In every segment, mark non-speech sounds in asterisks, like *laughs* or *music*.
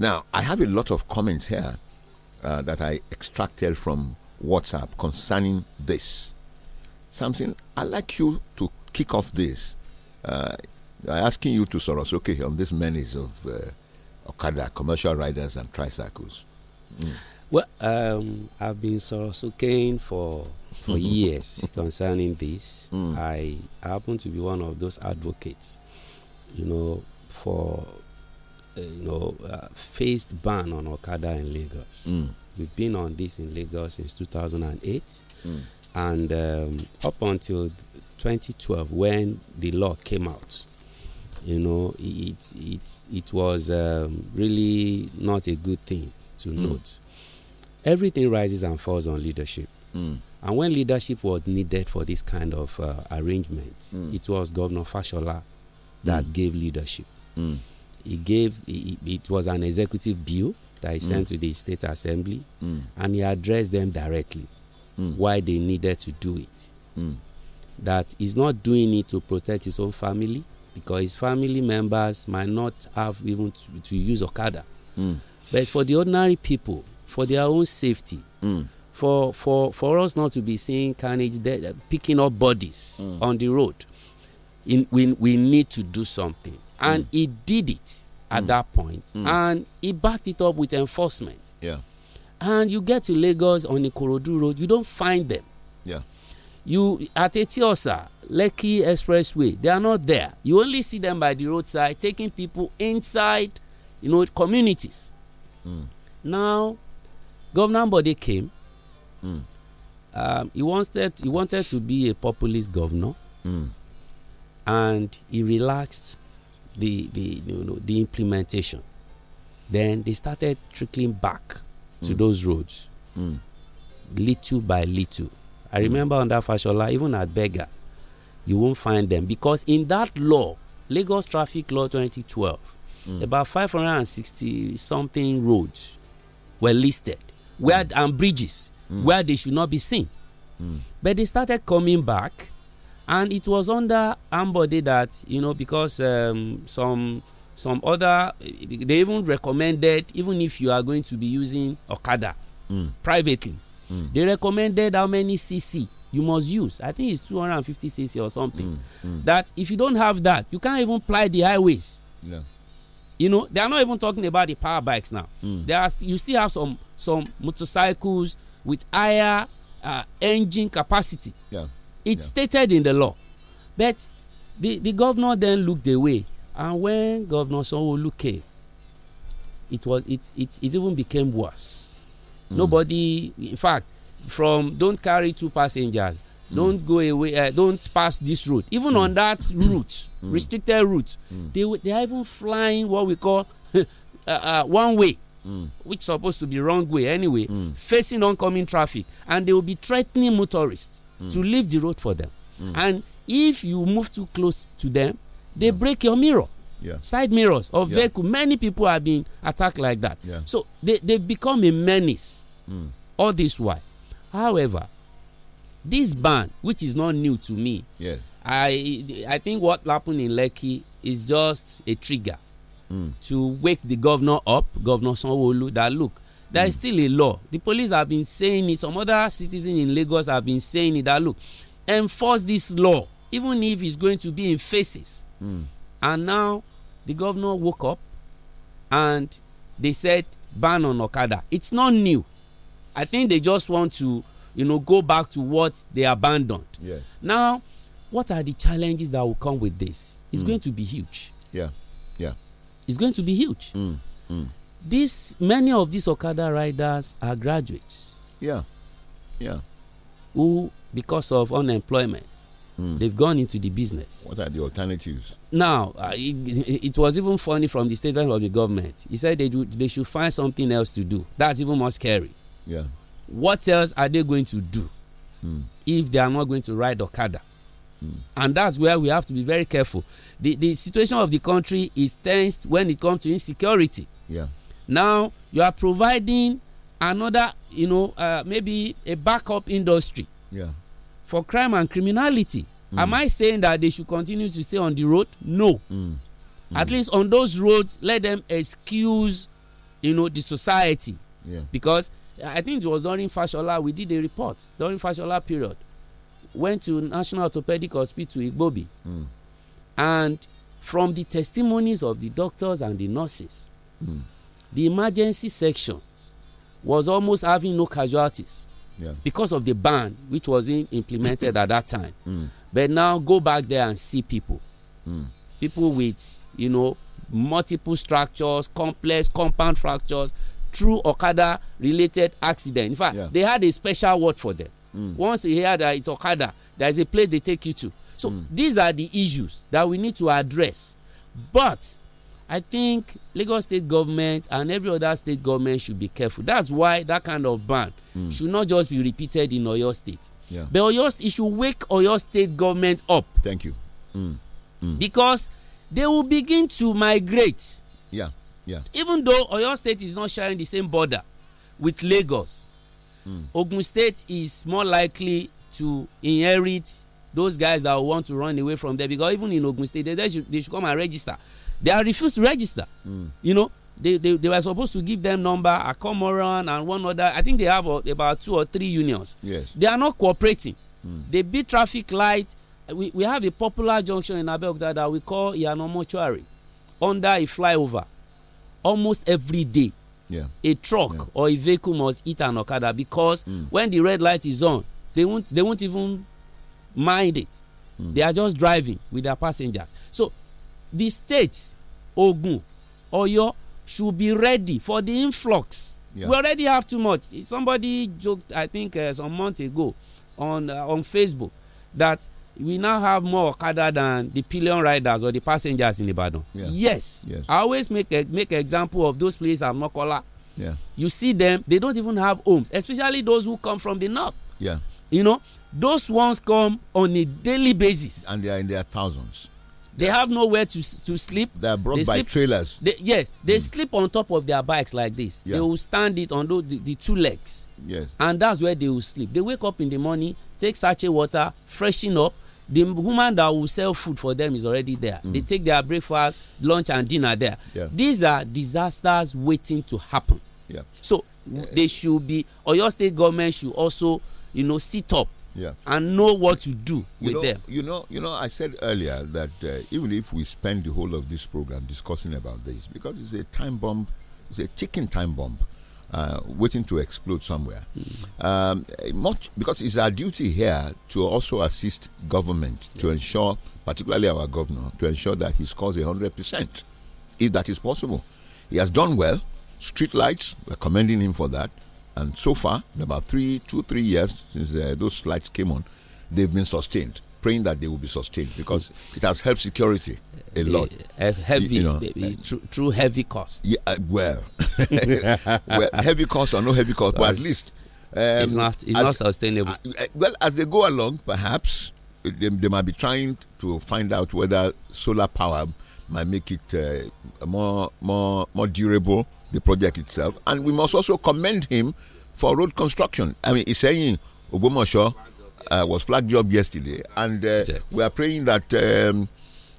Now, I have a lot of comments here uh, that I extracted from WhatsApp concerning this. Something I'd like you to kick off this. Uh, I'm asking you to sort of okay on this menace of uh, Okada, commercial riders, and tricycles. Mm. Well, um, I've been Sorosukeing for for mm-hmm. years *laughs* concerning this. Mm. I happen to be one of those advocates, you know, for you know, uh, faced ban on Okada in Lagos. Mm. We've been on this in Lagos since 2008. Mm. And um, up until 2012, when the law came out, you know, it, it, it was um, really not a good thing to mm. note. Everything rises and falls on leadership. Mm. And when leadership was needed for this kind of uh, arrangement, mm. it was Governor Fashola that mm. gave leadership. Mm he gave he, it was an executive bill that he mm. sent to the state assembly mm. and he addressed them directly mm. why they needed to do it mm. that he's not doing it to protect his own family because his family members might not have even to, to use okada mm. but for the ordinary people for their own safety mm. for for for us not to be seeing carnage there uh, picking up bodies on the road in, we, we need to do something and mm. he did it at mm. that point. Mm. and he backed it up with enforcement. Yeah. And you get to Lagos on Ikorodu Road, you don't find them. Yeah. You at Etiosa, Lekki Expressway, they are not there. You only see them by the roadside taking people inside, you know, communities. Mm. Now, Governor Body came. Mm. Um, he wanted he wanted to be a populist governor, mm. and he relaxed the the you know, the implementation. Then they started trickling back to mm. those roads, mm. little by little. I mm. remember mm. under Fashola, even at Bega, you won't find them because in that law, Lagos Traffic Law 2012, mm. about 560 something roads were listed where mm. and bridges where they should not be seen. But they started coming back and it was under Ambody that you know because um, some some other they even recommended even if you are going to be using Okada mm. privately mm. they recommended how many cc you must use I think it's 250 cc or something mm, mm. that if you don't have that you can't even ply the highways yeah. you know they are not even talking about the power bikes now mm. there are st you still have some some motorcycles with higher uh, engine capacity yeah it's yeah. stated in the law. But the, the governor then looked away. And when Governor sanwo came, it was it, it it even became worse. Mm. Nobody, in fact, from don't carry two passengers, hmm. don't go away, uh, don't pass this route. Even mm. on that hmm. route, hmm. restricted route, they they are even flying what we call *laughs* uh, uh, one way. Mm. which supposed to be wrong way anyway, mm. facing oncoming traffic, and they will be threatening motorists to mm. leave the road for them. Mm. And if you move too close to them, they break your mirror. Yeah. Side mirrors of yeah. vehicle. Many people have been attacked like that. Yeah. So they, they become a menace. Mm. All this why. However, this ban, which is not new to me, I I think what happened in Lekki is just a trigger mm. to wake the governor up, Governor sanwo that look, there is hmm. still a law the police have been saying it some other citizens in Lagos have been saying it that look enforce this law even if it's going to be in faces. mm. and now the governor woke up and they said ban on okada it's not new i think they just want to you know go back to what they abandoned yeah. now what are the challenges that will come with this it's mm. going to be huge yeah yeah it's going to be huge mm. Mm. This many of these Okada riders are graduates. Yeah, yeah. Who, because of unemployment, mm. they've gone into the business. What are the alternatives? Now, uh, it, it, was even funny from the statement of the government. He said they do, they should find something else to do. That's even more scary. Yeah. What else are they going to do mm. if they are not going to ride Okada? Mm. And that's where we have to be very careful. The, the situation of the country is tense when it comes to insecurity. Yeah now you are providing another you know uh, maybe a backup industry yeah. for crime and criminality mm. am i saying that they should continue to stay on the road no mm. mm. at least on those roads let them excuse you know the society yeah. because uh, i think it was during fashola we did a report during fashola period went to national orthopedic hospital igbobi mm. and from the testimonies of the doctors and the nurses mm. the emergency section was almost having no casualties yeah. because of the ban which was being implemented at that time. *laughs* Mm. But now go back there and see people. Mm. People with, you know, multiple structures, complex compound fractures, true Okada related accident. In fact, yeah. they had a special word for them. Mm. Once you hear that it's Okada, there is a place they take you to. So hmm. these are the issues that we need to address. But I think Lagos state government and every other state government should be careful. That's why that kind of ban mm. should not just be repeated in Oyo state. Yeah. But Oyo state, it should wake Oyo state government up. Thank you. Mm. Mm. Because they will begin to migrate. Yeah. Yeah. Even though Oyo state is not sharing the same border with Lagos, hmm. Ogun state is more likely to inherit those guys that want to run away from there because even in Ogun State they, they, should, they should come and register they are refused to register. Mm. You know, they, they, they were supposed to give them number, a Comoran and one other. I think they have a, uh, about two or three unions. Yes. They are not cooperating. Mm. They beat traffic light. We, we have a popular junction in Abeokuta that we call Yano Mortuary under a flyover. Almost every day, yeah. a truck yeah. or a vehicle must eat an Okada because mm. when the red light is on, they won't, they won't even mind it. Mm. They are just driving with their passengers. So the states Ogun Oyo should be ready for the influx. Yeah. We already have too much. Somebody joked, I think, uh, some months ago on uh, on Facebook that we now have more Okada than the pillion riders or the passengers in Ibadan. Yeah. Yes. yes. I always make a, make example of those places at Mokola. Yeah. You see them, they don't even have homes, especially those who come from the north. Yeah. You know, those ones come on a daily basis. And they are in their thousands. They have nowhere to to sleep. They are brought they by trailers. They, yes, they mm. sleep on top of their bikes like this. Yeah. They will stand it on the, the two legs. Yes. And that's where they will sleep. They wake up in the morning, take sachet water, freshen up. The woman that will sell food for them is already there. Mm. They take their breakfast, lunch, and dinner there. Yeah. These are disasters waiting to happen. Yeah. So yeah. they should be, or your state government should also, you know, sit up yeah. and know what to do you with know, them. You know, you know, I said earlier that uh, even if we spend the whole of this program discussing about this, because it's a time bomb, it's a ticking time bomb. Uh, waiting to explode somewhere. Mm. Um, much because it's our duty here to also assist government yeah. to ensure, particularly our governor, to ensure that he scores hundred percent, if that is possible. He has done well. Street lights, we're commending him for that. And so far, in about three, two, three years since uh, those lights came on, they've been sustained. Praying that they will be sustained because it has helped security a lot. Uh, heavy, you know, uh, through, through heavy costs. Yeah, well, *laughs* well, heavy costs or no heavy costs, but at least um, it's not it's as, not sustainable. Uh, uh, well, as they go along, perhaps uh, they, they might be trying to find out whether solar power might make it uh, more more more durable the project itself and we must also commend him for road construction i mean he's saying ogbomoso uh, was flagged job yesterday and uh, we are praying that um,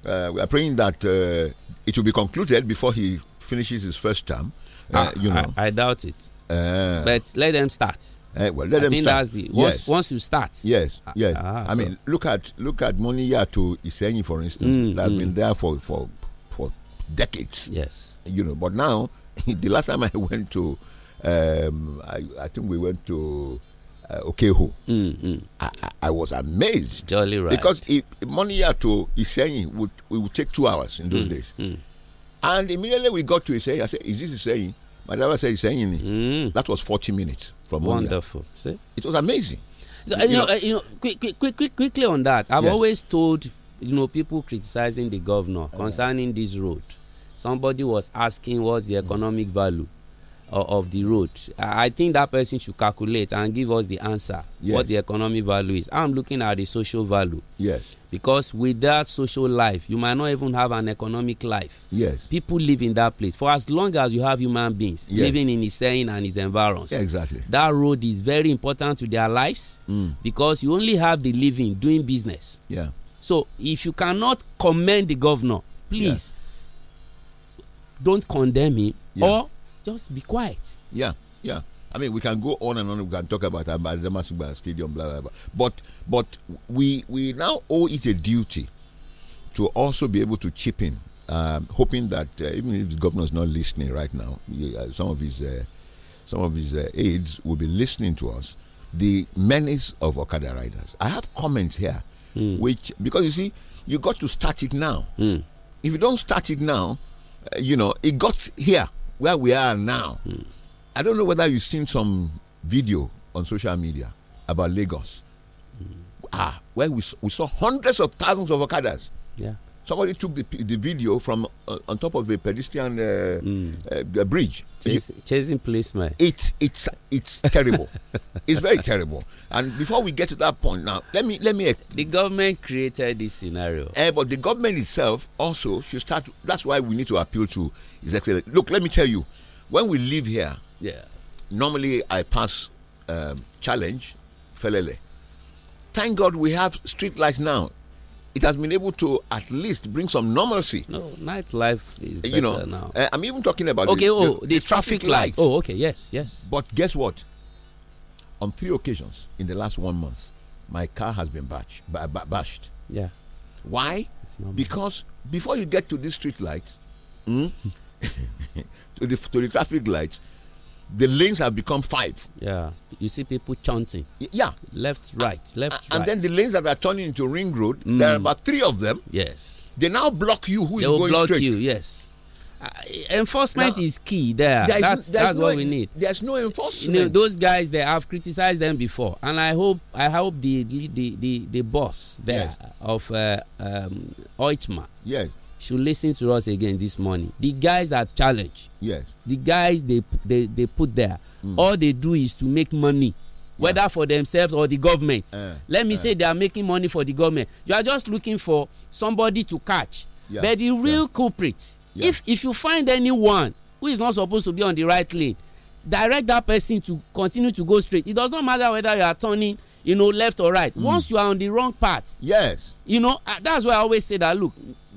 uh, we are praying that uh, it will be concluded before he finishes his first term uh, ah, you know I, I doubt it but let them start uh, well, let I them start. The, once, yes. once you start. Yes, ah, yes. Ah, I so. mean, look at look at Moniya to Isenyi, for instance. Mm, that has mm. been there for for decades. Yes. You know, but now, *laughs* the last time I went to, um, I, I think we went to uh, Okeho, mm, I, I, was amazed. Jolly right. Because if Moniya to Iseyin would, it would take two hours in those mm, days. Mm. And immediately we got to Iseyin, I said, Is this Iseyin? My driver said Iseyin. Mm. That was 40 minutes from Wonderful. See? It was amazing. So, uh, you, you, know, know, uh, you know quick, quick, quick, quickly on that, I've yes. always told you know people criticizing the governor okay. concerning this road somebody was asking what's the economic value uh, of the road I, I think that person should calculate and give us the answer yes. what the economic value is i'm looking at the social value yes because without social life you might not even have an economic life yes people live in that place for as long as you have human beings yes. living in his saying and his environs exactly that road is very important to their lives mm. because you only have the living doing business yeah So if you cannot commend the governor, please yeah. don't condemn him yeah. or just be quiet. Yeah, yeah. I mean, we can go on and on. We can talk about Adamasugba Stadium, blah, blah, blah. But, but we, we now owe it a duty to also be able to chip in, um, hoping that uh, even if the governor is not listening right now, he, uh, some of his, uh, some of his uh, aides will be listening to us. The menace of Okada riders. I have comments here mm. which because you see, you got to start it now. Mm. If you don't start it now, uh, you know it got here where we are now. Mm. I don't know whether you've seen some video on social media about Lagos. Hmm. Ah, where we we saw hundreds of thousands of Okadas. Yeah somebody took the, the video from uh, on top of a pedestrian uh, mm. uh, bridge chasing policemen it's it's it's terrible *laughs* it's very terrible and before we get to that point now let me let me the government created this scenario eh, but the government itself also should start that's why we need to appeal to his excellency look let me tell you when we live here yeah normally i pass um, challenge felele thank god we have street lights now it has been able to at least bring some normalcy. No, nightlife is better you know, now. Uh, I'm even talking about okay, the, oh, the, the, traffic, traffic lights. lights. Oh, okay, yes, yes. But guess what? On three occasions in the last one month, my car has been bashed. bashed. Yeah. Why? Because before you get to these street lights, mm, *laughs* to the to the traffic lights, the lanes have become five. Yeah, you see people chanting. Yeah, left, right, left, and right. then the lanes that are turning into ring road, mm. there are about three of them. Yes, they now block you. Who they is will going block straight. you? Yes. Uh, enforcement now, is key there. there is, that's that's no, what we need. There's no enforcement. You know, those guys there, I've criticized them before, and I hope I hope the the the, the boss there yes. of uh, um, Oitma. Yes should listen to us again this morning. The guys are challenged. Yes. The guys they they, they put there, mm. all they do is to make money, whether for themselves or the government. Uh, Let me uh. say they are making money for the government. You are just looking for somebody to catch. Yeah. But the real yeah. culprit, yeah. if if you find anyone who is not supposed to be on the right lane, direct that person to continue to go straight. It does not matter whether you are turning you know left or right mm. once you are on the wrong path yes you know uh, that's why i always say that look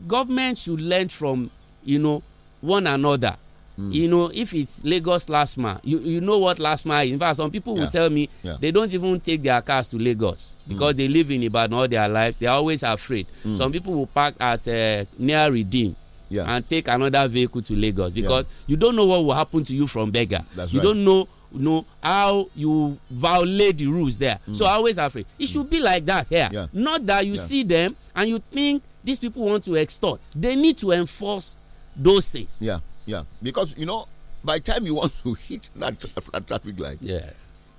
government should learn from you know one another. Mm. You know, if it's Lagos last mile, you, you know what last mile is. In fact, some people yeah. will tell me yeah. they don't even take their cars to Lagos hmm. because mm. they live in Ibadan all their lives. They're always afraid. Mm. Some people will park at uh, near Redeem. Yeah. and take another vehicle to Lagos because you don't know what will happen to you from beggar. That's you right. don't know know how you violate the rules there. So hmm. always afraid. It hmm. should be like that here. Not that you see them and you think these people want to extort they need to enforce those things yeah yeah because you know by the time you want to hit that, that traffic light yeah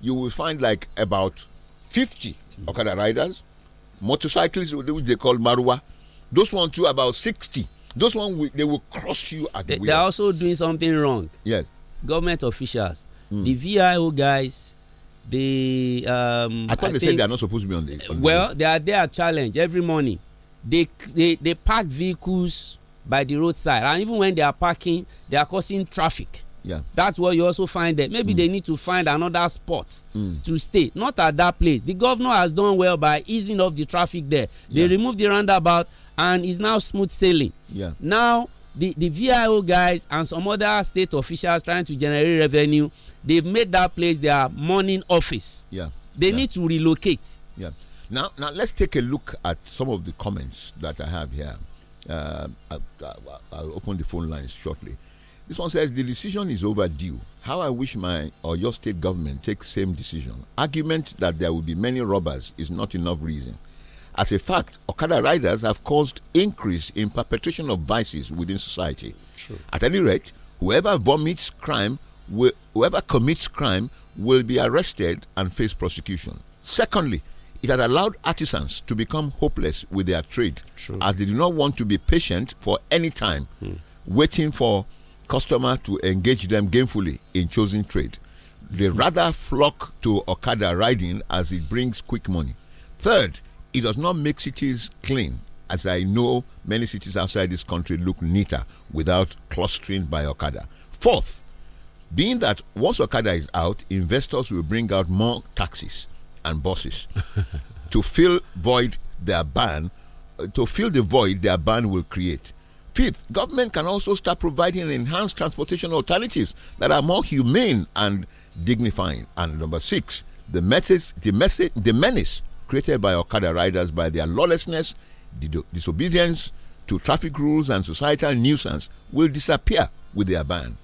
you will find like about 50 mm. okada riders motorcyclists which they call marwa those ones too about 60 those ones they will cross you at the they, wheel. they're also doing something wrong yes government officials mm. the vio guys the um, i thought I they said they are not supposed to be on the well they are there at challenge every morning they, they, they park vehicles by the roadside and even when they are parking they are causing traffic. Yeah. That's what you also find there. Maybe mm. they need to find another spot mm. to stay. Not at that place. The governor has done well by easing off the traffic there. They yeah. removed the roundabout and it's now smooth sailing. Yeah. Now the the VIO guys and some other state officials trying to generate revenue, they've made that place their morning office. Yeah. They yeah. need to relocate. Yeah Now, now let's take a look at some of the comments that I have here. Uh, I, will open the phone lines shortly. This one says the decision is overdue. How I wish my or your state government takes same decision. Argument that there will be many robbers is not enough reason. As a fact, Okada riders have caused increase in perpetration of vices within society. At any rate, whoever vomits crime, whoever commits crime, will be arrested and face prosecution. Secondly, it had allowed artisans to become hopeless with their trade True. as they do not want to be patient for any time, hmm. waiting for customer to engage them gainfully in chosen trade. They hmm. rather flock to Okada riding as it brings quick money. Third, it does not make cities clean as I know many cities outside this country look neater without clustering by Okada. Fourth, being that once Okada is out, investors will bring out more taxes and buses to fill void their ban, to fill the void their ban will create. Fifth, government can also start providing enhanced transportation alternatives that are more humane and dignifying. And number six, the message, the message, the menace created by Okada riders by their lawlessness, disobedience to traffic rules, and societal nuisance will disappear with their ban.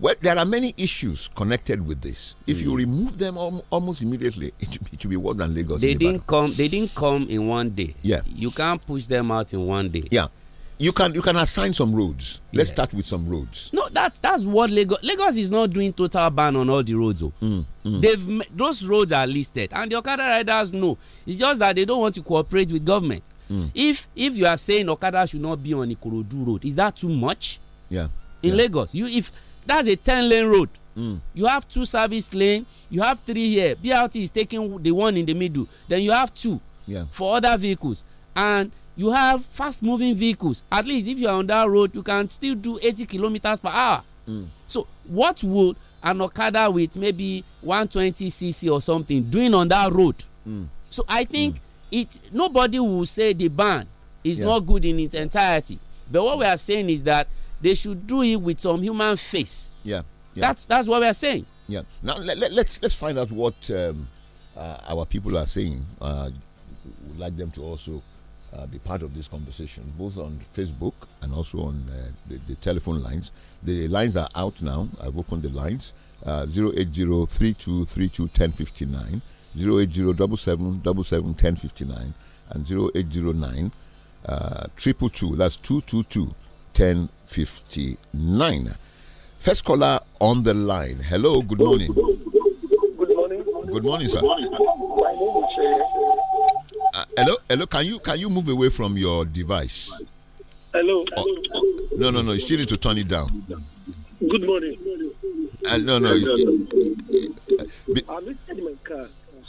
Well, there are many issues connected with this. If mm. you hmm. remove them al almost immediately, *laughs* it should, be, it should be worse than Lagos. They didn't come. They didn't come in one day. Yeah, you can't push them out in one day. Yeah, you so, can you can assign some roads. Let's start with some roads. No, that's that's what Lagos. Lagos is not doing total ban on all the roads. Oh. Mm, mm. They've those roads are listed, and the Okada riders know. It's just that they don't want to cooperate with government. Hmm. If if you are saying Okada should not be on Ikorodu road, is that too much? Yeah. In yeah. Lagos, you if that's a 10 lane road mm. you have two service lane you have three here brt is taking the one in the middle then you have two yeah. for other vehicles and you have fast moving vehicles at least if you are on that road you can still do 80 kilometers per hour mm. so what would an okada with maybe 120cc or something doing on that road mm. so i think mm. it nobody will say the ban is yeah. not good in its entirety but what we are saying is that they should do it with some human face. Yeah. yeah. That's that's what we are saying. Yeah. Now let, us let's, let's find out what um, uh, our people are saying. Uh, would like them to also uh, be part of this conversation, both on Facebook and also on uh, the, the, telephone lines. The lines are out now. I've opened the lines. Uh, 080-3232-1059, 80 and 0809 uh, 222. That's 222. 1059. First caller on the line. Hello, good morning. Good morning. Good morning, sir. My name is uh, hello, hello. Can you can you move away from your device? Hello. Oh, no, no, no. You still need to turn it down. Good morning. Uh, no, no. I'm in my car.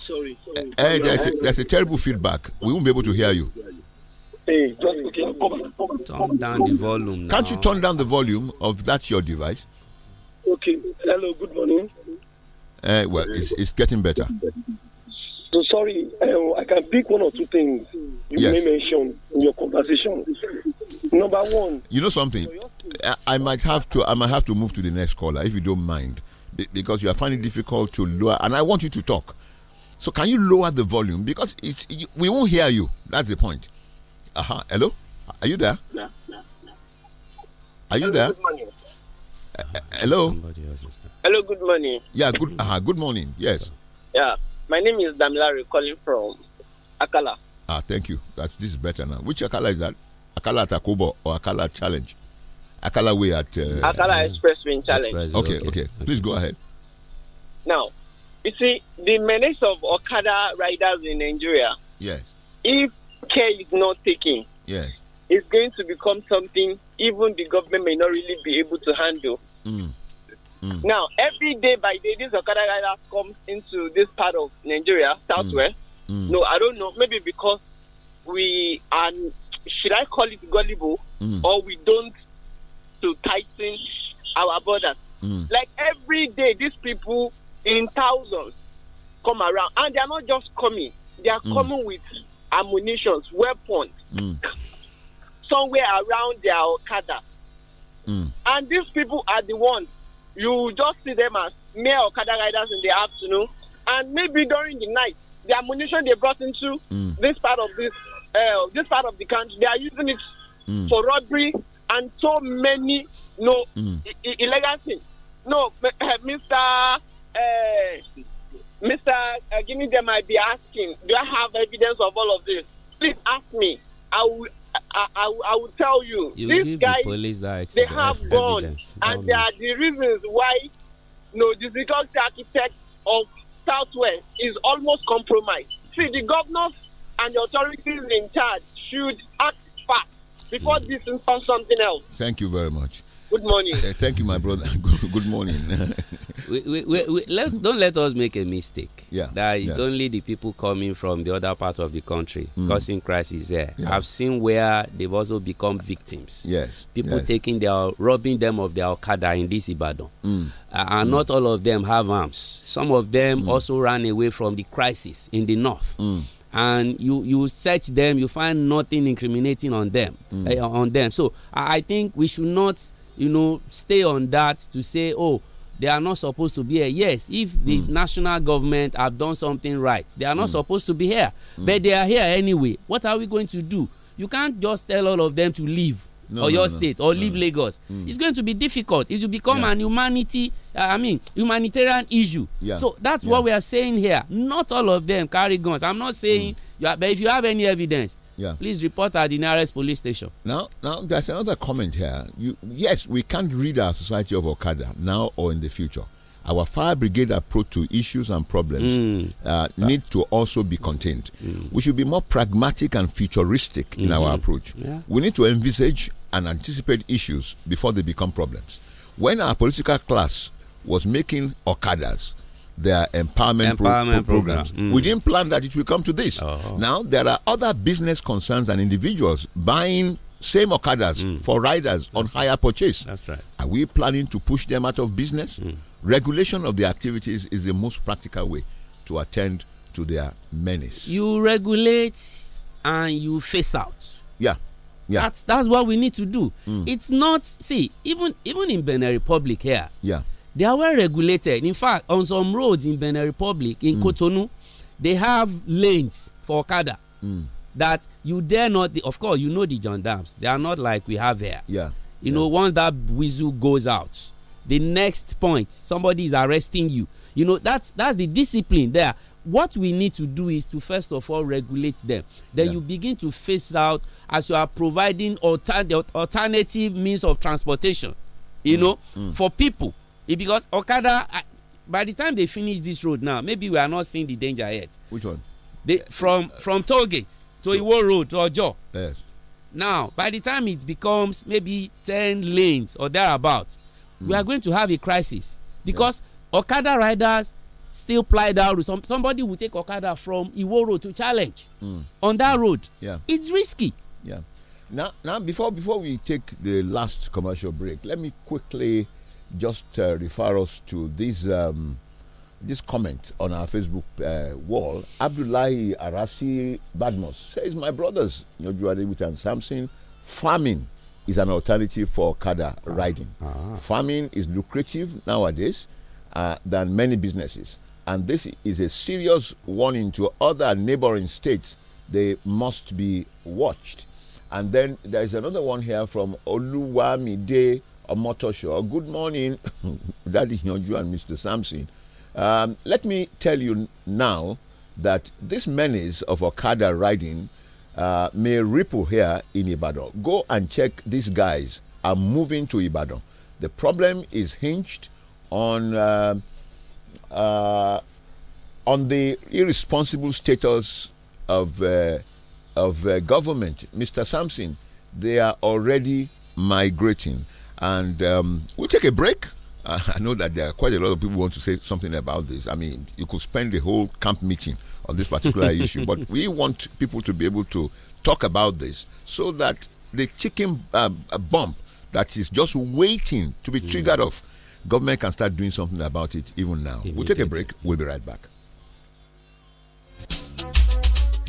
Sorry. sorry. Uh, there's, a, there's a terrible feedback. We won't be able to hear you. turn down the volume now. Can't you turn down the volume of that your device? Okay. Hello. Good morning. Uh, well, it's, it's getting better. So sorry, uh, I can pick one or two things you yes. may mention in your conversation. Number one. You know something? I, I, might have to. I might have to move to the next caller if you don't mind, because you are finding it difficult to lower. And I want you to talk. So can you lower the volume because it's, we won't hear you. That's the point. Uh huh. Hello? Are you there? Yeah, yeah, yeah. Are you Hello, there? Good morning. Uh, uh, hello. Hello, good morning. Yeah, good. Uh -huh, good morning. Yes. Yeah, my name is Damilari calling from Akala. Ah, thank you. That's this is better now. Which Akala is that? Akala Takobo or Akala Challenge? Akala Way at uh, Akala Expressway Challenge. okay, okay, okay. Please go ahead. Now, you see the menace of Okada riders in Nigeria. Yes. If care is not taken, yes, it's going to become something even the government may not really be able to handle. Mm. Mm. Now, every day by day, this Okada rider comes into this part of Nigeria, southwest. Mm. mm. No, I don't know. Maybe because we are, should I call it gullible, mm. or we don't to tighten our borders. Mm. Like every day, these people in thousands come around, and they are not just coming; they are coming with ammunitions, weapons mm. somewhere around their Okada. Mm. And these people are the ones you just see them as mere Okada riders in the afternoon. And maybe during the night, the ammunition they brought into mm. this part of this uh, this part of the country, they are using it hmm. for robbery and so many no hmm. illegal things. No, *laughs* Mr. Uh, Mr. Uh, Gini they might be asking, do I have evidence of all of this? Please ask me. I will. I, I, I will tell you, you these guys, the they have guns, and they there are the reasons why you know, the security architect of Southwest is almost compromised. See, the governors and the authorities in charge should act fast before mm. this becomes something else. Thank you very much. Good morning. *laughs* thank you, my brother. *laughs* Good morning. *laughs* we, we, we, let, don't let us make a mistake. Yeah. That it's yeah. only the people coming from the other part of the country mm. causing crisis there. I've seen where they've also become victims. Yes. People yes. taking their robbing them of their okada in this Ibadan, mm. uh, and mm. not all of them have arms. Some of them mm. also ran away from the crisis in the north mm. and you you search them you find nothing incriminating on them mm. uh, on them so I, I, think we should not you know stay on that to say oh they are not supposed to be here yes if the mm. national government have done something right they are not mm. supposed to be here mm. but they are here anyway what are we going to do you can't just tell all of them to leave no, or no, your no, state or leave lagos hmm. it's going to be difficult it will become yeah. an humanity uh, i mean humanitarian issue yeah. so that's yeah. what we are saying here not all of them carry guns i'm not saying hmm. are, but if you have any evidence Yeah. Please report at the nearest police station. Now, now there's another comment here. You, yes, we can't rid our society of Okada now or in the future. Our fire brigade approach to issues and problems mm. uh, need to also be contained. Mm. We should be more pragmatic and futuristic mm -hmm. in our mm-hmm. approach. Yeah. We need to envisage and anticipate issues before they become problems. When our political class was making Okadas, their empowerment, empowerment pro programs. Program. Mm. We didn't plan that it will come to this. Oh. Now, there are other business concerns and individuals buying same Okadas mm. for riders That's on higher purchase. That's right. Are we planning to push them out of business? Mm. Regulation of the activities is the most practical way to attend to their menace. You regulate and you face out. Yeah. Yeah. That's that's what we need to do. Mm. It's not see even even in Benin Republic here. Yeah they are well regulated in fact on some roads in benin republic in mm. kotonu they have lanes for okada mm. that you dare not of course you know the gendarmes they are not like we have here yeah you yeah. know once that whistle goes out the next point somebody is arresting you you know that's that's the discipline there what we need to do is to first of all regulate them then yeah. you begin to phase out as you are providing alter alternative means of transportation you mm. know mm. for people it because Okada, I, by the time they finish this road now, maybe we are not seeing the danger yet. Which one? They, from from toll gate to Iwo Road to Ojo. Yes. Now, by the time it becomes maybe ten lanes or thereabout, mm. we hmm. are going to have a crisis because yeah. Okada riders still ply that road. Some, somebody will take Okada from Iwo Road to Challenge mm. on that road. Yeah. It's risky. Yeah. Now, now before before we take the last commercial break, let me quickly just uh, refer us to this um, this comment on our Facebook uh, wall. Abdullahi Arasi Badmos says, "My brothers, Nyojuadewit and Samson, farming is an alternative for kada riding. Ah, ah. Farming is lucrative nowadays uh, than many businesses, and this is a serious warning to other neighboring states. They must be watched." And then there is another one here from Oluwamide Omotosho. Oh, good morning, *laughs* Daddy Nyonju and Mr. Sampson. Um, let me tell you now that this menace of Okada riding uh, may ripple here in Ibadan. Go and check these guys are moving to Ibadan. The problem is hinged on uh, uh, on the irresponsible status of uh, of uh, government, Mr. Sampson. They are already migrating. And um, we'll take a break. Uh, I know that there are quite a lot of people want to say something about this. I mean, you could spend the whole camp meeting on this particular *laughs* issue, but we want people to be able to talk about this so that the chicken uh, bump that is just waiting to be mm. triggered off, government can start doing something about it even now. We'll take a break. We'll be right back.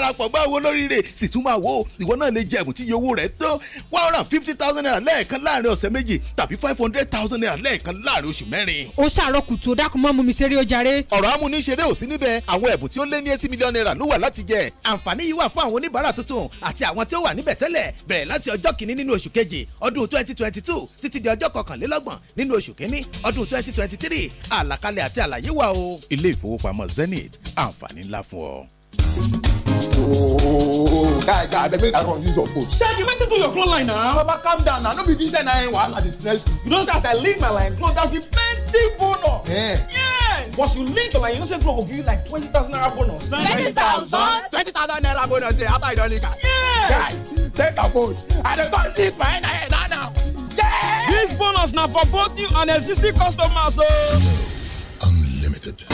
darapọ̀ bá owó lóríire sì tún máa wò ó ìwọ náà lè jẹ ẹ̀bùn tí iye owó rẹ̀ tó one hundred and fifty thousand naira lẹ́ẹ̀kan láàrin ọ̀sẹ̀ méjì tàbí five hundred thousand naira lẹ́ẹ̀kan láàrin oṣù mẹ́rin. ó ṣàárọ̀ kùtù dákun mọ́ mú mi ṣeré ó jàre. ọ̀rọ̀ amúniṣeré ò sí níbẹ̀ àwọn ẹ̀bùn tí ó lé ní eighty million naira ló wà láti jẹ. àǹfààní yìí wà fún àwọn oníbàárà tuntun àti àwọn tí ó wà níbẹ̀ tẹ́lẹ̀ bẹ̀rẹ̀ láti ọjọ́ kìíní nínú oṣù kejì ọdún twenty twenty two títí di ọjọ́ kọkànlélọ́gbọ̀n nínú oṣù kìíní ọdún twenty twenty three àlàkalẹ̀ àti àlàyé wà o. ilé ìfowópamọ́ Zenith àǹfààní ńlá fún ọ ooo guy guy abeg make i run use your phone. shey you make me do your cloth line now. Papa, calm down now. Don't be busy now. na im wahala dey stress me. you know say as i link my line cloth that's be plenty bonus. Yeah. yes. once you link your line you know say cloth go give you like twenty thousand naira bonus. twenty thousand. twenty thousand naira bonus there. Eh, after you don link am. yes. guy take your phone i don't want to leave my nin na now. Yeah. this bonus now for both new and existing customers o. Oh. So. unlimited.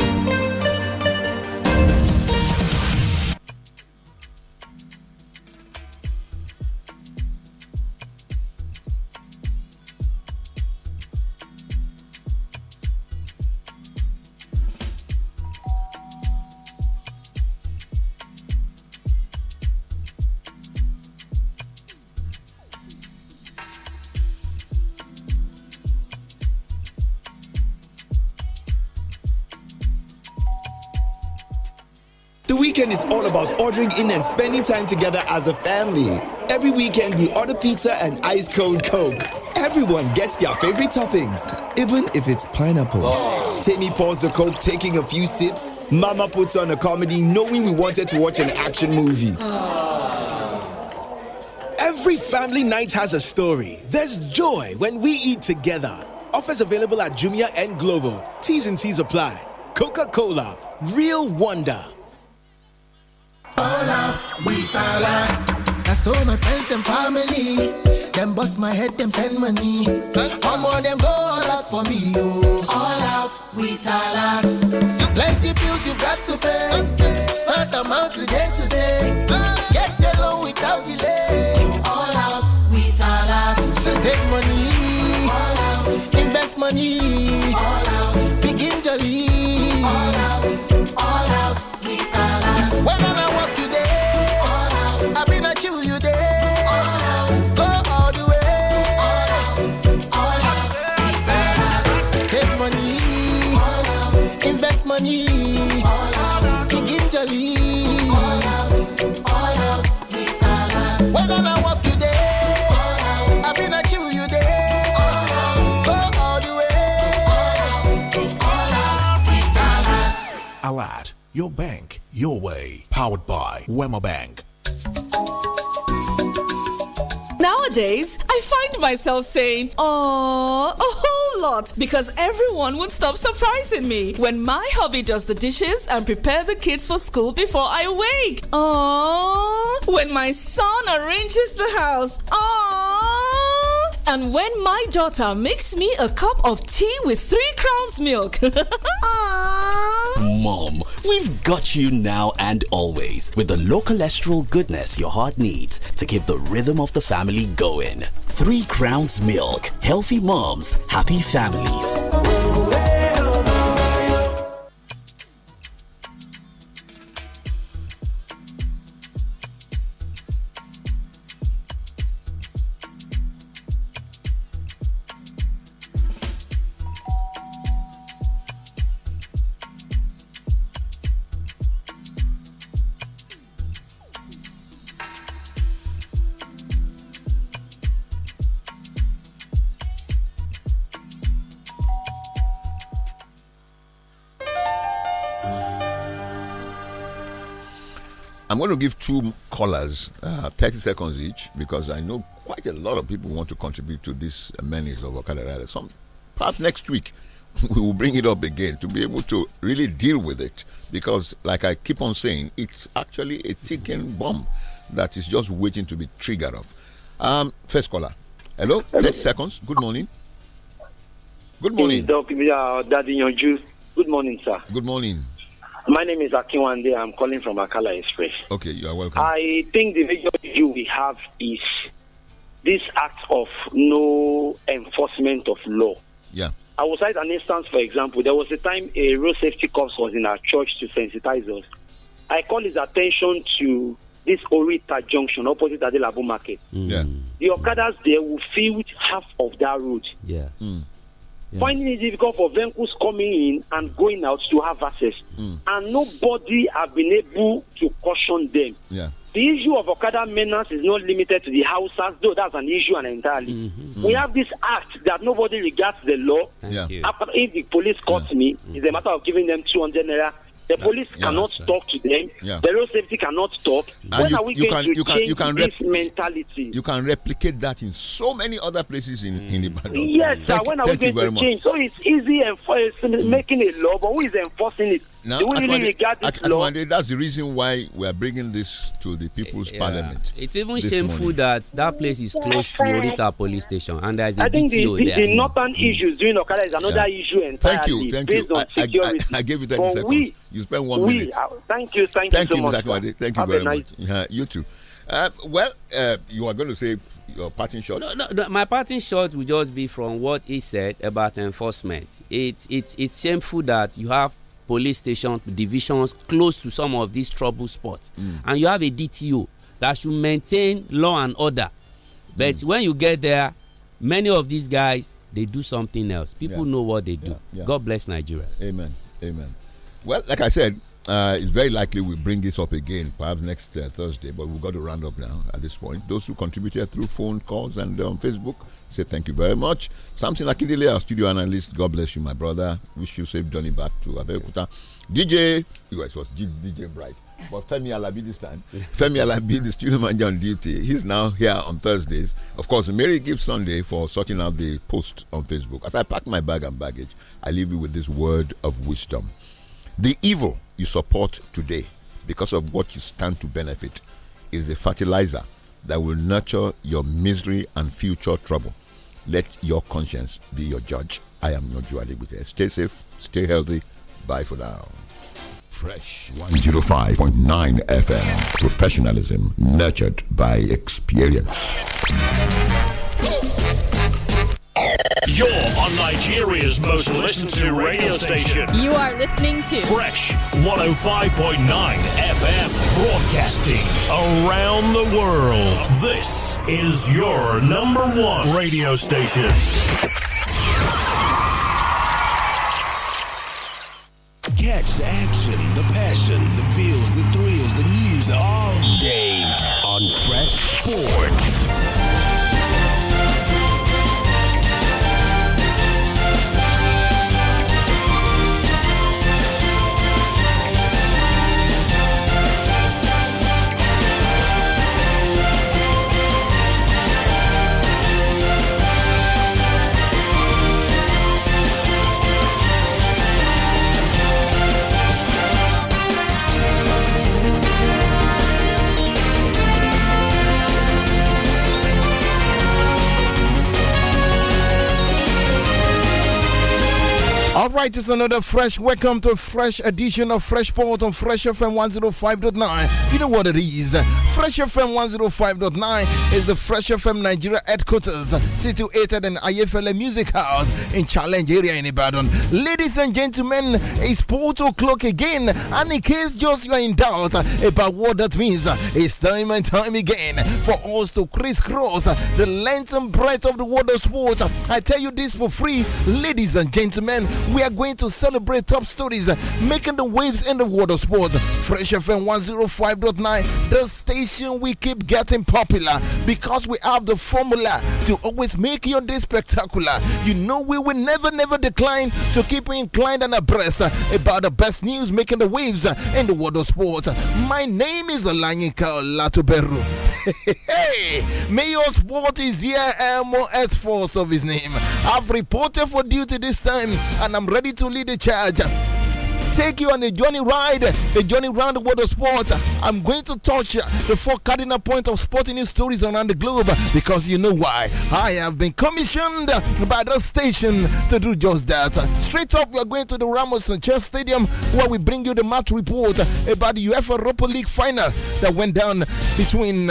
weekend is all about ordering in and spending time together as a family. Every weekend, we order pizza and ice cold Coke. Everyone gets their favorite toppings, even if it's pineapple. Oh. Tammy pours the Coke, taking a few sips. Mama puts on a comedy, knowing we wanted to watch an action movie. Oh. Every family night has a story. There's joy when we eat together. Offers available at Jumia and Glovo. T's and C's apply. Coca Cola, real wonder. We our last. That's all my friends and family. Them bust my head, them send money. One more them go all out for me, oh All out, we our last. Plenty bills you got to pay. Certain amount today, today. Your bank, your way. Powered by Wema Bank. Nowadays, I find myself saying, "Aww, a whole lot," because everyone would stop surprising me when my hubby does the dishes and prepare the kids for school before I wake. Aww, when my son arranges the house. Aww. And when my daughter makes me a cup of tea with three crowns milk. *laughs* Aww mom, we've got you now and always with the low cholesterol goodness your heart needs to keep the rhythm of the family going. Three Crowns Milk. Healthy moms, happy families. I'm going to give two callers, uh, 30 seconds each, because I know quite a lot of people want to contribute to this menace of Okada Rider. Some, perhaps next week, *laughs* we will bring it up again to be able to really deal with it, because, like I keep on saying, it's actually a ticking bomb that is just waiting to be triggered off. Um, first caller. Hello, 30 seconds. Good morning. Good morning. Doctor, Daddy Good morning, sir. Good morning. My name is Akinwande. I'm calling from Akala Express. Okay, you are welcome. I think the major issue we have is this act of no enforcement of law. Yeah. I will cite an instance, for example. There was a time a road safety course was in our church to sensitize us. I call his attention to this Orita Junction opposite Adelabu Market. Mm. Yeah. The Okadas there will fill half of that road. Yes. Mm. Yes. Finding it difficult for vehicles coming in and going out to have access. Mm. And nobody have been able to caution them. Yeah. The issue of Okada maintenance is not limited to the houses, though that's an issue and entirely. Mm -hmm. We have this act that nobody regards the law. Yeah. After, if the police caught yeah. me, hmm. it's a matter of giving them 200 naira the police yeah, cannot talk to them. Yeah. The road safety cannot talk. And when you, are we going can, to you can, change you can this mentality? You can replicate that in so many other places in, mm. in the battle. Yes, sir. When are we going to change? Much. So it's easy and mm. making a law, but who is enforcing it? Now, so we really regard this Akwande, law. Akwande, that's the reason why we are bringing this to the People's yeah. Parliament. It's even shameful morning. that that place is close to Orita Police Station and there's a I think DTO the, the, there. the northern mm. issues during Okada is another yeah. issue entirely thank you, thank based you. on I, security. I, I, I gave you 30 but seconds. We, you spent one we, minute. Uh, thank you, thank, thank you so much. Akwande, thank you very nice. much. Yeah, you too. Uh, well, uh, you are going to say your parting shot? No, no, no, my parting shot will just be from what he said about enforcement. It's it's it's shameful that you have police station divisions close to some of these trouble spots mm. and you have a dto that should maintain law and order but mm. when you get there many of these guys they do something else people yeah. know what they do yeah. Yeah. god bless nigeria amen amen well like i said uh, it's very likely we bring this up again, perhaps next uh, Thursday, but we've got to round up now at this point. Those who contributed through phone calls and on um, Facebook, say thank you very much. Samson Akindele, our studio analyst, God bless you, my brother. Wish you safe journey back to Abeokuta. DJ, you guys was DJ Bright, but Femi Alabi this time. *laughs* Femi Alabi, the studio manager on duty, he's now here on Thursdays. Of course, Mary gives Sunday for sorting out the post on Facebook. As I pack my bag and baggage, I leave you with this word of wisdom. The evil you support today because of what you stand to benefit is the fertilizer that will nurture your misery and future trouble. Let your conscience be your judge. I am Nyoju Adegbute. Stay safe, stay healthy. Bye for now. Fresh 105.9 FM. Professionalism nurtured by experience. You're on Nigeria's most listened to radio station. You are listening to Fresh 105.9 FM broadcasting around the world. This is your number one radio station. Catch the action, the passion, the feels, the thrills, the news all day on Fresh Sports. All right, it's another fresh welcome to a fresh edition of Fresh Port on Fresh FM 105.9. You know what it is. Fresh FM 105.9 is the Fresh FM Nigeria headquarters, situated in IFLA Music House in Challenge area in Ibadan. Ladies and gentlemen, it's port o'clock again, and in case just you are in doubt about what that means, it's time and time again for us to crisscross the length and breadth of the world of sports. I tell you this for free, ladies and gentlemen we are going to celebrate top stories uh, making the waves in the world of sports. Fresh FM 105.9, the station we keep getting popular because we have the formula to always make your day spectacular. You know, we will never, never decline to keep you inclined and abreast uh, about the best news making the waves uh, in the world of sports. My name is Alanyika Latuberu. *laughs* hey, Mayor Sport is here, MOS force of his name. I've reported for duty this time and I'm I'm ready to lead the charge. Take you on a journey ride, a journey round the world of sport. I'm going to touch the four cardinal points of sporting news stories around the globe because you know why. I have been commissioned by the station to do just that. Straight up, we are going to the Ramos Chess Stadium where we bring you the match report about the UEFA Europa League final that went down between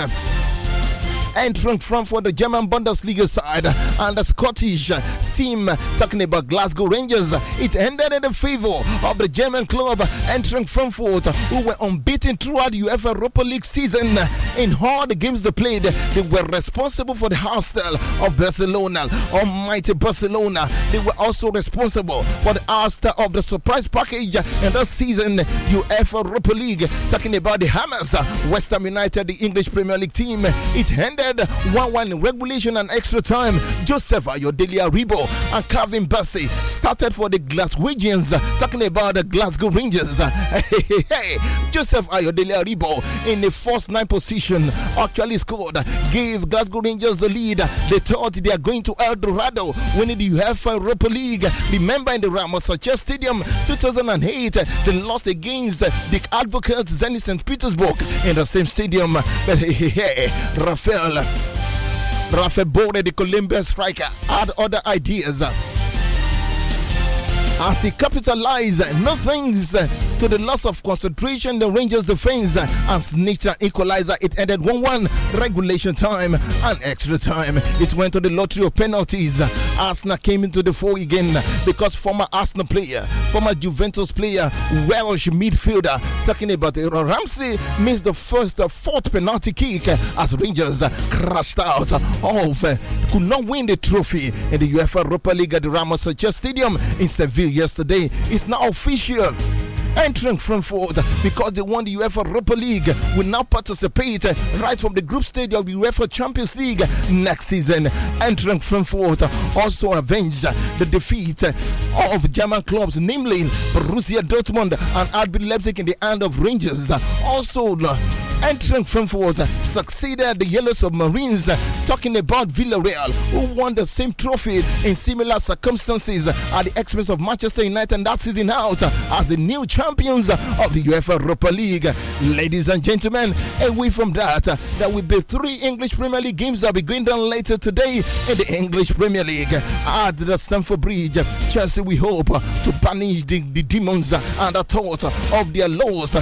Eintracht Frankfurt, the German Bundesliga side, and the Scottish team talking about Glasgow Rangers. It ended in the favor of the German club entering Frankfurt, who were unbeaten throughout the UEFA Europa League season. In all the games they played, they were responsible for the hostel of Barcelona, almighty Barcelona. They were also responsible for the hostel of the surprise package in the season, UEFA Europa League. Talking about the Hammers, West Ham United, the English Premier League team. It ended 1 1 regulation and extra time. Joseph Ayodelia Rebo, and Calvin Bassey started for the Glaswegians, talking about the Glasgow Rangers. Hey, *laughs* hey, hey. Joseph Ayodelia in the first nine position actually scored, gave Glasgow Rangers the lead. They thought they are going to El Dorado, winning the UEFA Europa League. Remember in the Ramos Chess Stadium 2008, they lost against the advocates Zenit St. Petersburg in the same stadium. But *laughs* hey, Rafael Rafael Bore, the Colombian striker, had other ideas as he capitalized no to the loss of concentration the Rangers defense as nature equalizer it ended 1-1 regulation time and extra time it went to the lottery of penalties Arsenal came into the fore again because former Arsenal player former Juventus player Welsh midfielder talking about Ramsey missed the first uh, fourth penalty kick as Rangers crashed out of uh, could not win the trophy in the UEFA Europa League at the Ramos Sanchez Stadium in Seville yesterday. It's now official. Entering from forth because they won the UEFA Europa League will now participate right from the group stage of the UEFA Champions League next season. Entering from forth also avenged the defeat of German clubs, namely Borussia Dortmund and RB Leipzig in the hand of Rangers. Also, entering Frankfurt succeeded the Yellow Submarines, talking about Villarreal, who won the same trophy in similar circumstances at the expense of Manchester United that season out as the new champion champions of the UEFA Europa League. Ladies and gentlemen, away from that, there will be three English Premier League games that will be going down later today in the English Premier League. At the Stamford Bridge, Chelsea, we hope to banish the, the demons and the thought of their loss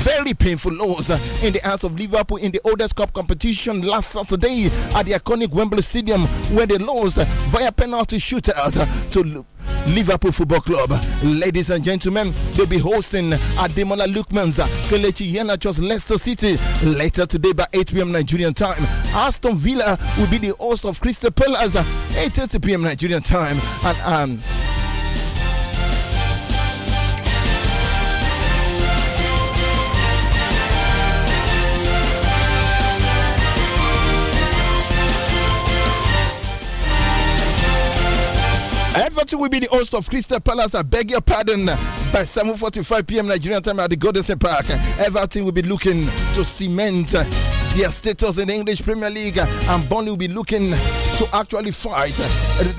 very painful loss in the hands of Liverpool in the Oldest Cup competition last Saturday at the iconic Wembley Stadium, where they lost via penalty shootout to Liverpool Football Club. Ladies and gentlemen, they'll be hosting Ademola Lukman's Kelechi Iheanacho's Leicester City later today by 8 p.m. Nigerian time. Aston Villa will be the host of Crystal Palace at 8:30 p.m. Nigerian time, and um, Everton will be the host of Crystal Palace. I beg your pardon. By 7:45 p.m. Nigerian time at the Goodison Park, Everton will be looking to cement their status in the English Premier League, and Burnley will be looking to actually fight uh,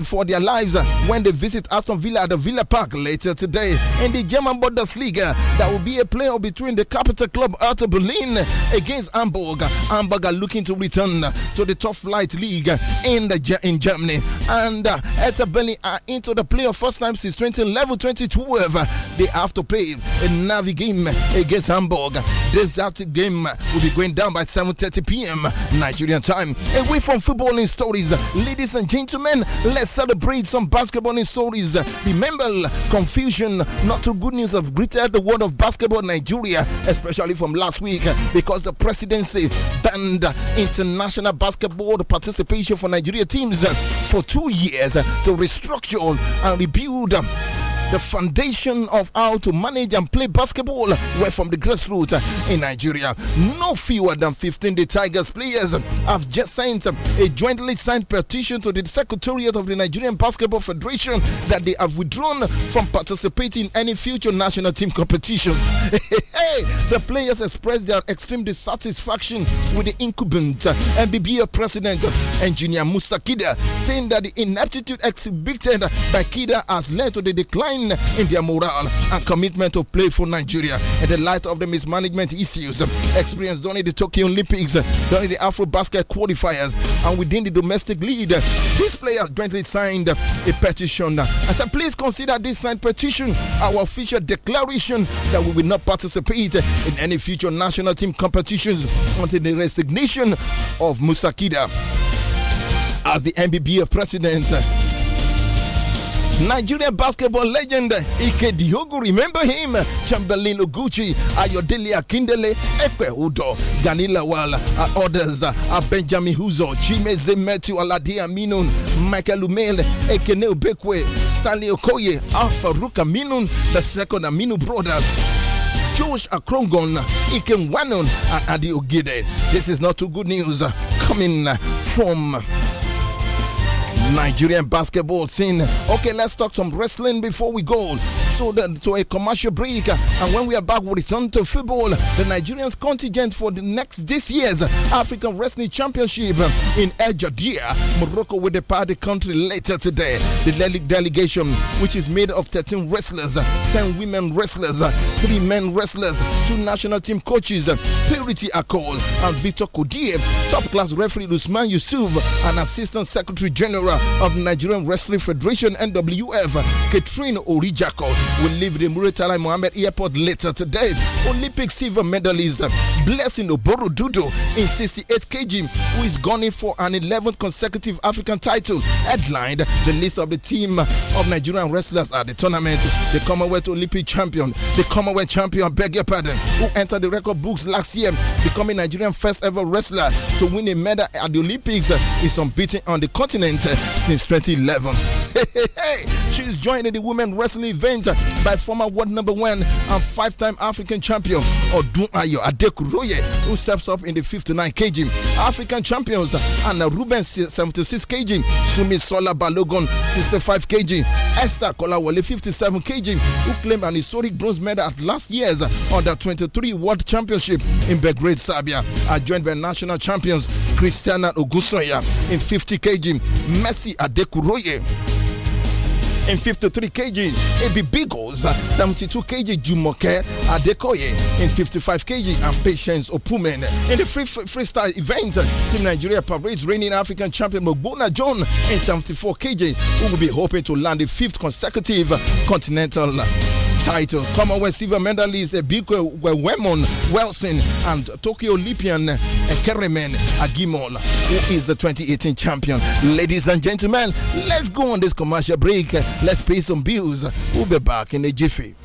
for their lives uh, when they visit Aston Villa at the Villa Park later today in the German Bundesliga. That will be a playoff between the capital club Hertha Berlin against Hamburg. Hamburg are looking to return to the top flight league in the in Germany, and uh, Hertha Berlin are into the playoff first time since 2011 2012. They have to play a Navi game against Hamburg. This that game will be going down by 7:30 p.m. Nigerian time. Away from footballing stories, Ladies and gentlemen, let's celebrate some basketball stories. Remember, confusion, not too good news have greeted the world of basketball Nigeria, especially from last week, because the presidency banned international basketball participation for Nigeria teams for two years to restructure and rebuild the foundation of how to manage and play basketball were from the grassroots in Nigeria. No fewer than 15 the Tigers players have just signed a jointly signed petition to the Secretariat of the Nigerian Basketball Federation that they have withdrawn from participating in any future national team competitions. *laughs* the players expressed their extreme dissatisfaction with the incumbent MBBA president, Engineer Musa Kida, saying that the ineptitude exhibited by Kida has led to the decline shine in their morale and commitment to play for Nigeria. In the light of the mismanagement issues experienced during the Tokyo Olympics, during the Afro Basket qualifiers, and within the domestic lead, this player jointly signed a petition. I said, please consider this signed petition our official declaration that we will not participate in any future national team competitions until the resignation of Musakida as the MBBF president. Nigerian basketball legend Ike Diogo, remember him? Chamberlain Oguchi, Ayodele Akindele, Ekwe Udo, Ganila Wal, uh, others, uh, Benjamin Huzo, Chimeze Metu Aladi Aminun, Michael Umele, Ekene Obekwe, Stanley Okoye, Alpha Ruka Minun, the second Aminu brother, Josh Akrongon, Ikem Wanon, and Adi Ogide. This is not too good news uh, coming uh, from Nigerian basketball scene. Okay, let's talk some wrestling before we go also to a commercial break. And when we are back, we return to football. The Nigerian contingent for the next this year's African Wrestling Championship in Algeria, Morocco will depart the country later today. The Lelik delegation, which is made of 13 wrestlers, 10 women wrestlers, 3 men wrestlers, 2 national team coaches, Purity Akol and Victor Kodie, top class referee Usman Yusuf, and Assistant Secretary General of Nigerian Wrestling Federation NWF, Katrine Orijako. will leave the Muritala Mohammed Airport later today. Olympic silver medalist Blessing Oboro Dudo in 68 kg, who is gunning for an 11th consecutive African title, headlined the list of the team of Nigerian wrestlers at the tournament. The Commonwealth Olympic champion, the Commonwealth champion, beg your pardon, who entered the record books last year, becoming Nigerian first ever wrestler to win a medal at the Olympics, is unbeaten on the continent since 2011. hey, she's joining the women wrestling event by former world number one and five-time African champion Odun Ayo Adekuroye, who steps up in the 59 kg. African champions and Ruben 76 kg, Sumi Sola Balogun 65 kg, Esther Kolawole 57 kg, who claimed an historic bronze medal at last year's under 23 World Championship in Belgrade, Serbia, are joined by national champions Christiana Ogusoya in 50 kg, Messi Adekuroye 53 kg, Ebi Bigos, 72 kg, Jumoke Adekoye in 55 kg, and Patience Opumen. In the free, free freestyle event, Team Nigeria parades reigning African champion Mogbona John in 74 kg, who will be hoping to land the fifth consecutive continental title. Commonwealth silver medalist Ebikwe eh, Wemon Wilson and Tokyo Olympian eh, Kerriman Agimol, who is the 2018 champion. Ladies and gentlemen, let's go on this commercial break. Eh, let's pay some bills. We'll be back in a jiffy.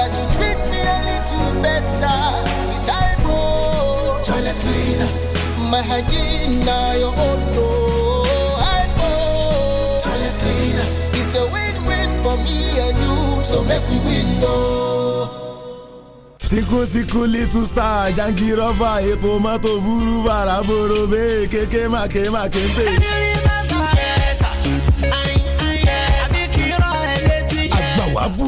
that you treat me a little better. It's Toilet cleaner. My hygiene your own I Toilet cleaner. It's a win-win for me and you. So make we win, no. síkúsíkú little star jankirọ́fà epo mọ́tò burú bàrà borobe kékèmàkèmàkèmpe.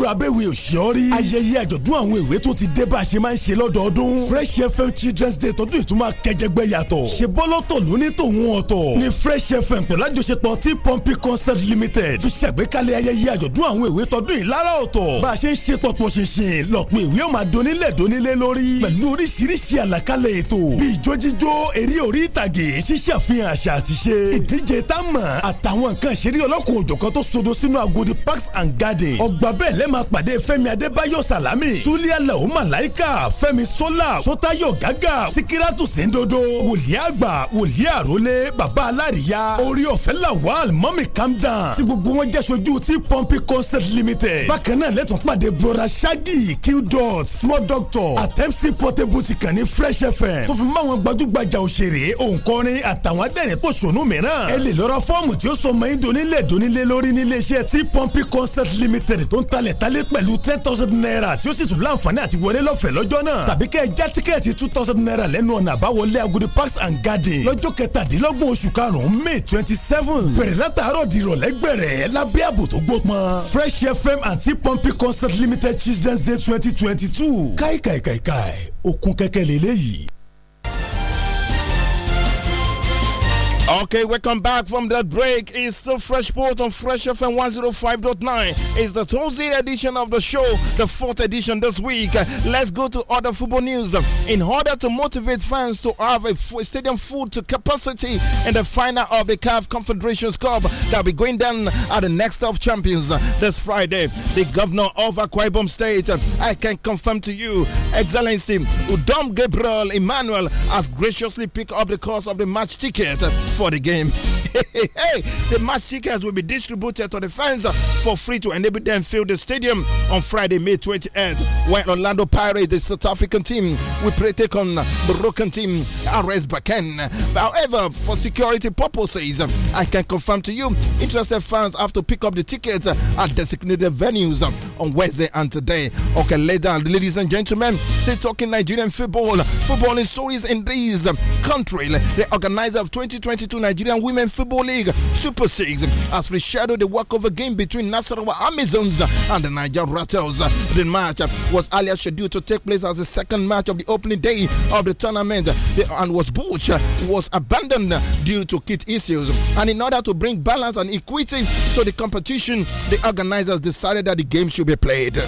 búra bẹ́wẹ̀ òṣì ọ́ rí. ayẹyẹ àjọ̀dún àwọn èwe tó ti dé bá a ṣe máa ń ṣe lọ́dọọdún. Fresh FM Children's Day tọdún ìtumọ̀ kẹjẹgbẹ́ yàtọ̀. ṣe bọ́lọ́tọ̀ lóní tòun ọ̀tọ̀. ní Fresh FM pẹ̀lú àjọṣepọ̀ tí Pompi Concept Limited fi ṣàgbékalẹ̀ ayẹyẹ àjọ̀dún àwọn èwe tọdún ìlara ọ̀tọ̀. bá a ṣe ń ṣe pọ̀pọ̀ ṣinṣin lọ́pọ̀ ìwé ọ̀ma donílẹ̀ donílé lórí. pẹ̀lú oríṣiríṣi àlàkalẹ̀ ètò bíi ijó jíjó eré orí ìtàgé ṣíṣàfihàn àṣà àtiṣe ìdíje támà àtàwọn nǹkan ìṣeré ọlọ́kùnrin òjọ̀kan tó sodo sínú Agodi Parks and Garden ọgbà bẹ́ẹ̀ lẹ́ máa pàdé Fẹ́mi Adébáyọ̀ Sàlámì Súlíà Làó Màláìkà Fẹ́mi Sọ́là Sọ́táyọ̀ Gágà Síkírátù Síndodo Wòlíì Àgbà Wòlíì Àrólé Bàbá Aláríyá Orí Ọ̀fẹ́ Lawal Mọ́mì Camdan tí gbogbo wọn jẹ́ sojú tí Pọ́ǹpì Concert Limited. Bákan náà lẹ́tọ̀ pàdé Brọ̀dá Ṣáàgì Qdot Small Doctor atemsi Portable ti kàn ní Fresh FM tó fi máwọn gbajúgbajà òṣèré òǹkọrin àtàwọn adẹ́rìn pòṣónú mìíràn. Ẹ lè lọ ra fọ́ọ̀mù tí ó sọ doni ẹ́ donílẹ̀ donílẹ̀ lórí níléeṣẹ́ tí Pọ́ǹpì Concert Limited tó ń talẹ̀ àtàlẹ́ pẹ̀lú ten thousand naira tí ó sì tún láǹfààní àti wọlé lọ́fẹ̀ẹ́ lọ́jọ́ náà tàbí kẹ́ ẹ já tíkẹ́ẹ̀tì two thousand naira lẹ́nu ọ̀nà àbáwọlé Agodi Parks and Garden lọ́jọ́ kẹtàdínlọ́gbọ̀n oṣù karùn-ún May twenty seven bẹ̀rẹ̀ látàárọ̀ di ìrọ̀lẹ́ gbẹ̀rẹ̀ lábẹ́ ààbò tó gbópọn Fresh FM àti Pompi Concert Limited Children's Day twenty twenty two káìkàìkàìkàì òkun kẹ́kẹ́ lélẹ́yìí. Okay, welcome back from that break. It's the Fresh Port on Fresh FM 105.9. It's the Thursday edition of the show, the fourth edition this week. Let's go to other football news. In order to motivate fans to have a stadium full to capacity in the final of the CAF Confederations Cup that'll be going down at the next of champions this Friday, the governor of Akwa Ibom State, I can confirm to you, Excellency Udom Gabriel Emmanuel, has graciously picked up the cost of the match ticket for the game hey, the match tickets will be distributed to the fans for free to enable them fill the stadium on Friday, May 28th, when Orlando Pirates, the South African team, will play take on broken team RS Bakken. However, for security purposes, I can confirm to you, interested fans have to pick up the tickets at designated venues on Wednesday and today. Okay, later, ladies and gentlemen, still talking Nigerian football, footballing stories in this country. The organizer of 2022 Nigerian Women Football Football League Super Six as we shadow the walkover game between Nasarawa Amazons and the Niger Rattles. The match was earlier scheduled to take place as the second match of the opening day of the tournament and was butch was abandoned due to kit issues. And in order to bring balance and equity to the competition, the organizers decided that the game should be played.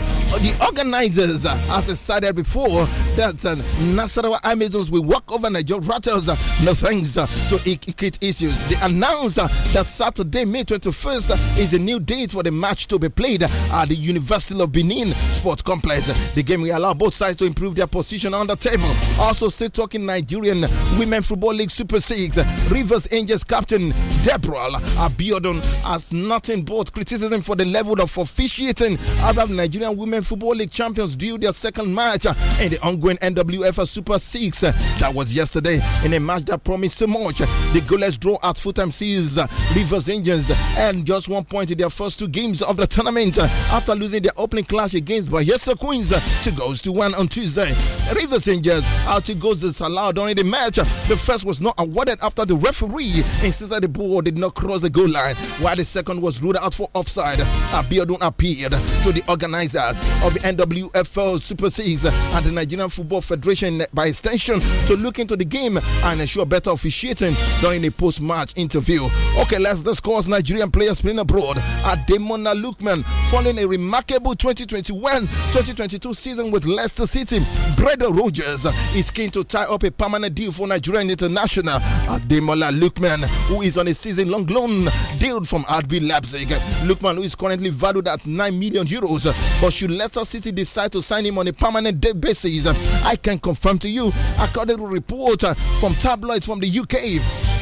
The, the organizers have decided before that uh, Nasarawa Amazons will walk over Nigeria Rattles no thanks uh, to Ikit issues. They announced uh, that Saturday, May 21st, is a new date for the match to be played at the University of Benin Sports Complex. The game will allow both sides to improve their position on the table. Also, still talking Nigerian Women Football League Super Six, Rivers Angels captain Deborah Abiodun has nothing but criticism for the level of officiating out of Nigeria. Nigerian Women Football League champions drew their second match in the ongoing NWF Super 6. That was yesterday in a match that promised so much. The goalless draw at time sees Rivers Engines and just one point in their first two games of the tournament after losing their opening clash against Bayesa Queens two goals to one on Tuesday. Rivers Angels out two goals disallowed during the match. The first was not awarded after the referee insisted the ball did not cross the goal line, while the second was ruled out for offside. Abiodun appeared to the organized of the NWFL Super Six and the Nigerian Football Federation, by extension, to look into the game and ensure better officiating during a post match interview. Okay, let's discuss Nigerian players playing abroad. Ademona Lukman, following a remarkable 2021 2022 season with Leicester City, Breda Rogers is keen to tie up a permanent deal for Nigerian international Ademola Lukman, who is on a season long loan deal from RB Leipzig. Lukman, who is currently valued at 9 million euros, but should Leicester City decide to sign him on a permanent day basis, I can confirm to you, according to a report from tabloids from the UK,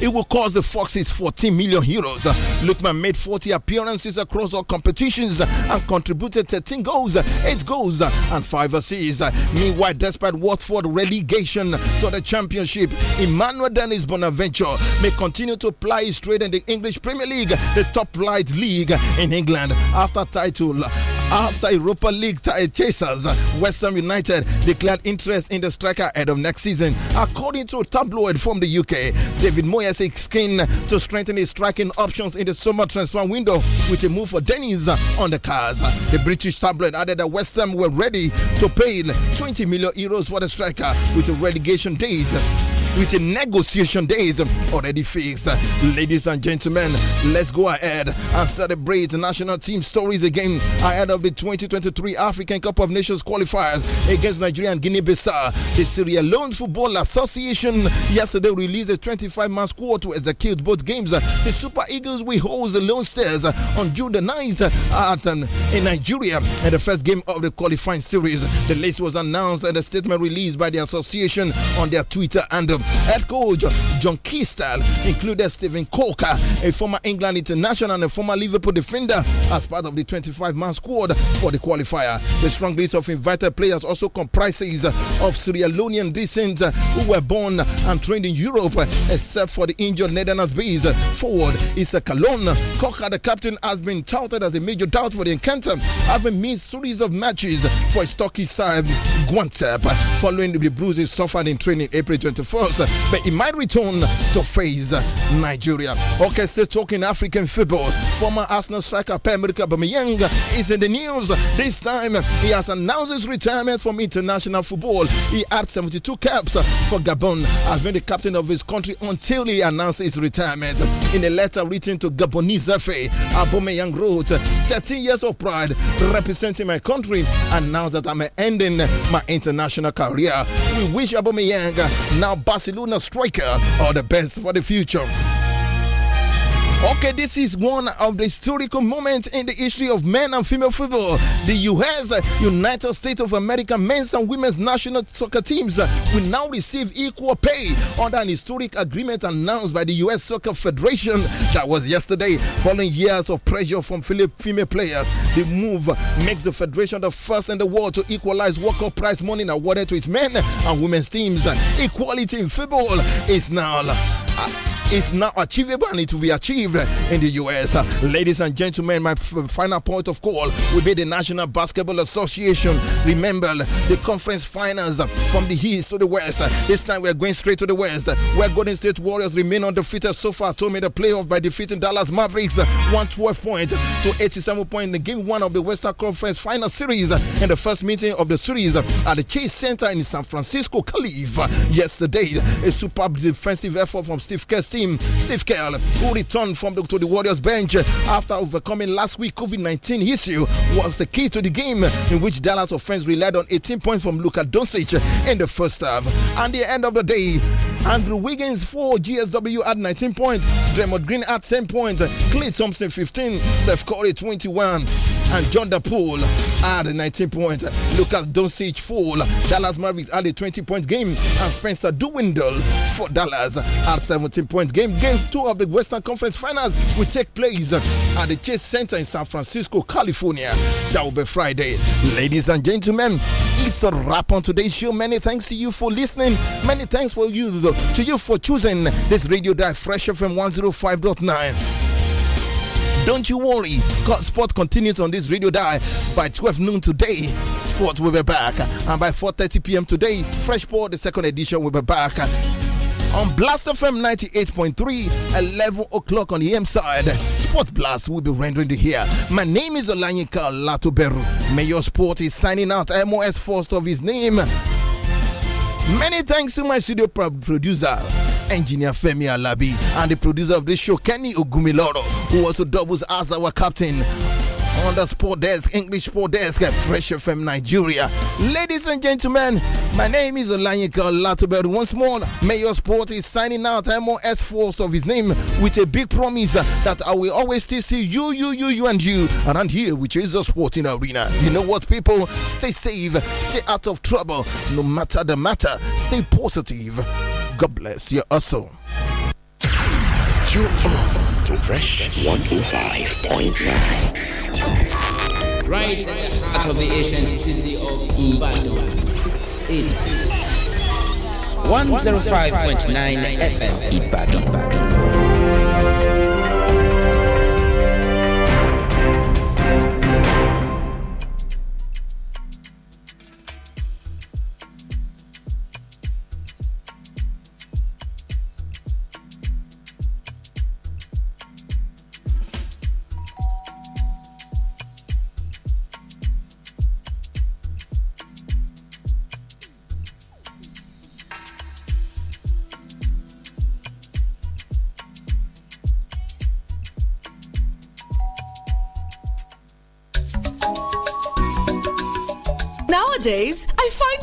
it will cost the Foxes 14 million euros. Lukman made 40 appearances across all competitions and contributed 13 goals, 8 goals, and 5 assists. Meanwhile, despite Watford relegation to the Championship, Emmanuel Dennis Bonaventure may continue to ply his trade in the English Premier League, the top flight league in England, after title after Europa League chasers, West Ham United declared interest in the striker ahead of next season. According to a tabloid from the UK, David Moyes is keen to strengthen his striking options in the summer transfer window with a move for Dennis on the cards. The British tabloid added that West Ham were ready to pay 20 million euros for the striker with a relegation date with a negotiation date already fixed. Ladies and gentlemen, let's go ahead and celebrate the national team stories again ahead of the 2023 African Cup of Nations qualifiers against Nigeria and Guinea-Bissau. The Sierra Leone Football Association yesterday released a 25-man squad to execute both games. The Super Eagles will host the Lone Stars on June the 9th at, an, um, in Nigeria in the first game of the qualifying series. The list was announced and a statement released by the association on their Twitter handle. Head coach John Keystall included Stephen Coker, a former England international and a former Liverpool defender, as part of the 25 man squad for the qualifier. The strong list of invited players also comprises of Sierra Leonean descent who were born and trained in Europe, except for the injured Netherlands base forward Issa Kalon. Cocker, the captain, has been touted as a major doubt for the encounter, having missed series of matches for his stocky side Guantep following the bruises suffered in training April 24 but he might return to face Nigeria. Okay, still talking African football. Former Arsenal striker Pemrika Bamiyang is in the news. This time, he has announced his retirement from international football. He had 72 caps for Gabon, has been the captain of his country until he announced his retirement. In a letter written to Gabonese FA, Abomeyang wrote, 13 years of pride representing my country, and now that I'm ending my international career, we wish Abomeyang now back Barcelona striker are the best for the future. Okay, this is one of the historical moments in the history of men and female football. The U.S., uh, United States of America men's and women's national soccer teams uh, will now receive equal pay under an historic agreement announced by the U.S. Soccer Federation that was yesterday, following years of pressure from female players. The move makes the federation the first in the world to equalize World Cup prize money awarded to its men and women's teams. Equality in football is now. Uh, is now achievable and it will be achieved in the US. Ladies and gentlemen, my final point of call will be the National Basketball Association. Remember the conference finals from the East to the West. This time we're going straight to the West, where Golden State Warriors remain undefeated so far to made the playoff by defeating Dallas Mavericks 112 points to 87 points in the game one of the Western Conference final series in the first meeting of the series at the Chase Center in San Francisco, Calif. Yesterday, a superb defensive effort from Steve Kerr team, Steve Kerr, who returned from the, to the Warriors bench after overcoming last week COVID 19 issue, was the key to the game in which Dallas offense relied on 18 points from Luka Doncic in the first half. And the end of the day, Andrew Wiggins for GSW at 19 points, Draymond Green at 10 points, Clay Thompson 15, Steph Curry 21 and John the Pool had 19 points. Lucas Doncic full. Dallas Mavericks had a 20 point game and Spencer Dwindle for Dallas had 17 points game. Game two of the Western Conference Finals will take place at the Chase Center in San Francisco, California. That will be Friday. Ladies and gentlemen, it's a wrap on today's show. Many thanks to you for listening. Many thanks for you to you for choosing this radio dial fresh FM 105.9. Don't you worry. Sport continues on this radio dial by 12 noon today. Sport will be back. And by 4.30 p.m. today, Fresh Sport, the second edition, will be back. On Blast FM 98.3, 11 o'clock on the M side, Sport Blast will be rendering here. My name is Olanyika Latuberu. Mayor Sport is signing out. MOS first of his name. Many thanks to my studio producer engineer Femi Alabi, and the producer of this show, Kenny Ogumiloro, who also doubles as our captain on the sport desk, English sport desk at Fresh FM Nigeria. Ladies and gentlemen, my name is Olanyika Latubert. Once more, Mayor Sport is signing out MOS Force of his name with a big promise that I will always still see you, you, you, you, and you around here, which is the sporting arena. You know what, people? Stay safe, stay out of trouble, no matter the matter, stay positive. God bless your hustle. You're to Fresh 105.9. Right out of the ancient city of Ibadan is 105.9 FM Ibadan.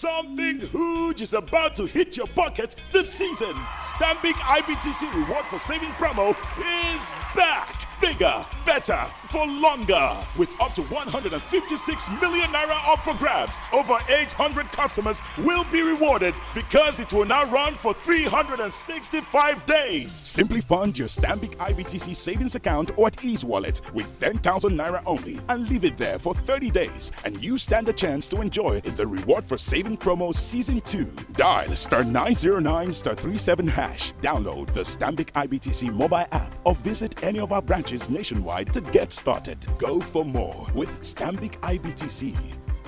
Something huge is about to hit your pocket this season. Stambik IBTC Reward for Saving promo is back bigger, better, for longer. With up to 156 million naira up for grabs, over 800 customers will be rewarded because it will now run for 365 days. Simply fund your Stambic IBTC savings account or at Ease Wallet with 10,000 naira only and leave it there for 30 days, and you stand a chance to enjoy the reward for saving promo season 2. Dial star 909 star 37 hash. Download the Stambic IBTC mobile app or visit any of our branches nationwide to get started. Go for more with Stambic IBTC.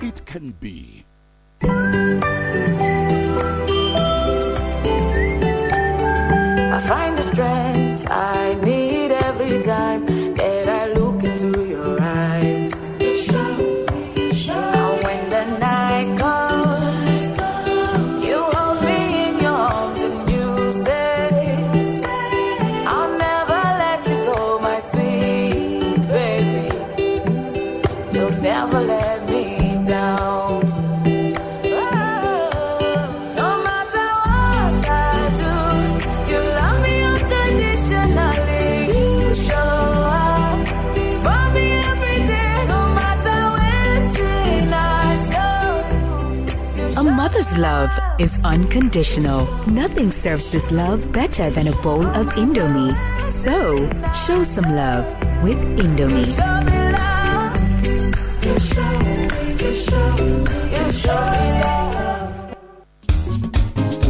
It can be. I find the strength I need every time. love is unconditional. Nothing serves this love better than a bowl of Indomie. So, show some love with Indomie.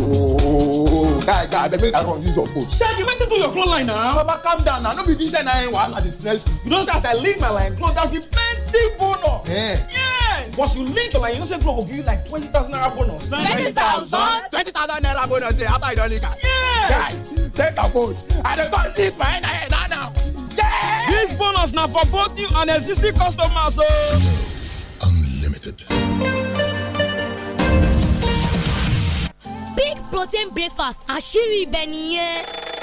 Oh, guy, guy, they make Aaron use your phone. Sir, you meant to do your clone line now. Baba, calm down now. Don't be busy now. I eh, want dey stress you. You know, as I leave my line close, that's the plenty bonus. Eh. Yeah. yeah. yes. Once you leave the line, you know say club will give you like twenty thousand naira bonus. twenty thousand. twenty thousand naira bonus dey after you don lick am. yes. guy take your boat i dey come leave my head ahead now now. Yeah. this bonus na for both new and existing customers o. Oh. So. unlimited. big protein breakfast àṣírí ibẹ̀ nìyẹn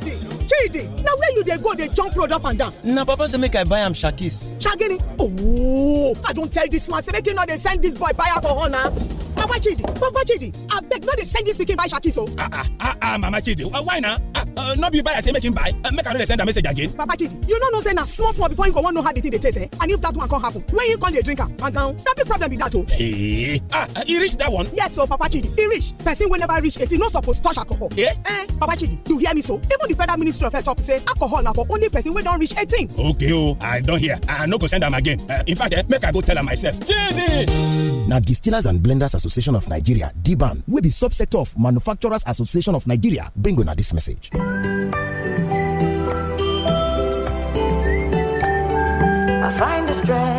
lady. chidi na where you dey go dey jump road up and down na papa say make i buy am shakis shagini ooo oh, i don tell dis man say make he no dey send dis boy buy alcohol na papa chidi papa chidi abeg no dey send dis pikin buy shakis o. ah ah ah, ah mama chidi why na ah, uh, no be buy as say make him buy uh, make i no dey send am message again. papa chidi you no know say na small small before you go wan know how the thing dey taste eh? and if that one come happen when you come dey drink am gangan na big problem be that o. ee eh, ah uh, e reach that one. yes o so, papa chidi e reach person wey never reach eighteen no suppose touch alcohol. Yeah. Eh, papa chidi you hear me so even the federal ministry ministry of health talk say alcohol na for only person wey don reach 18 okay o oh, i don hear i no go send am again uh, in fact eh, make i go tell am myself Now, na distillers and blenders association of nigeria dban wey be subsector of manufacturers association of nigeria bring una dis message I find the strength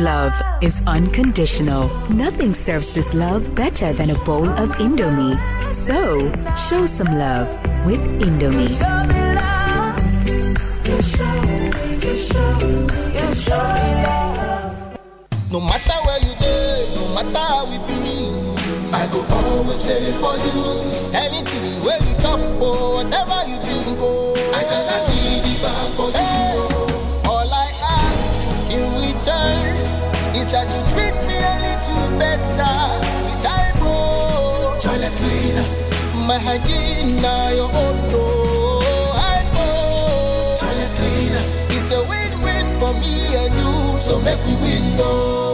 love is unconditional. Nothing serves this love better than a bowl of Indomie. So, show some love with Indomie. No matter where you go, no matter how we be, I go always there for you. Anything where you come, or oh, whatever you do. that you treat me a little better. It's I go. Toilet cleaner. My hygiene now your own door. I go. Toilet cleaner. It's a win-win for me and you. So make we win, oh.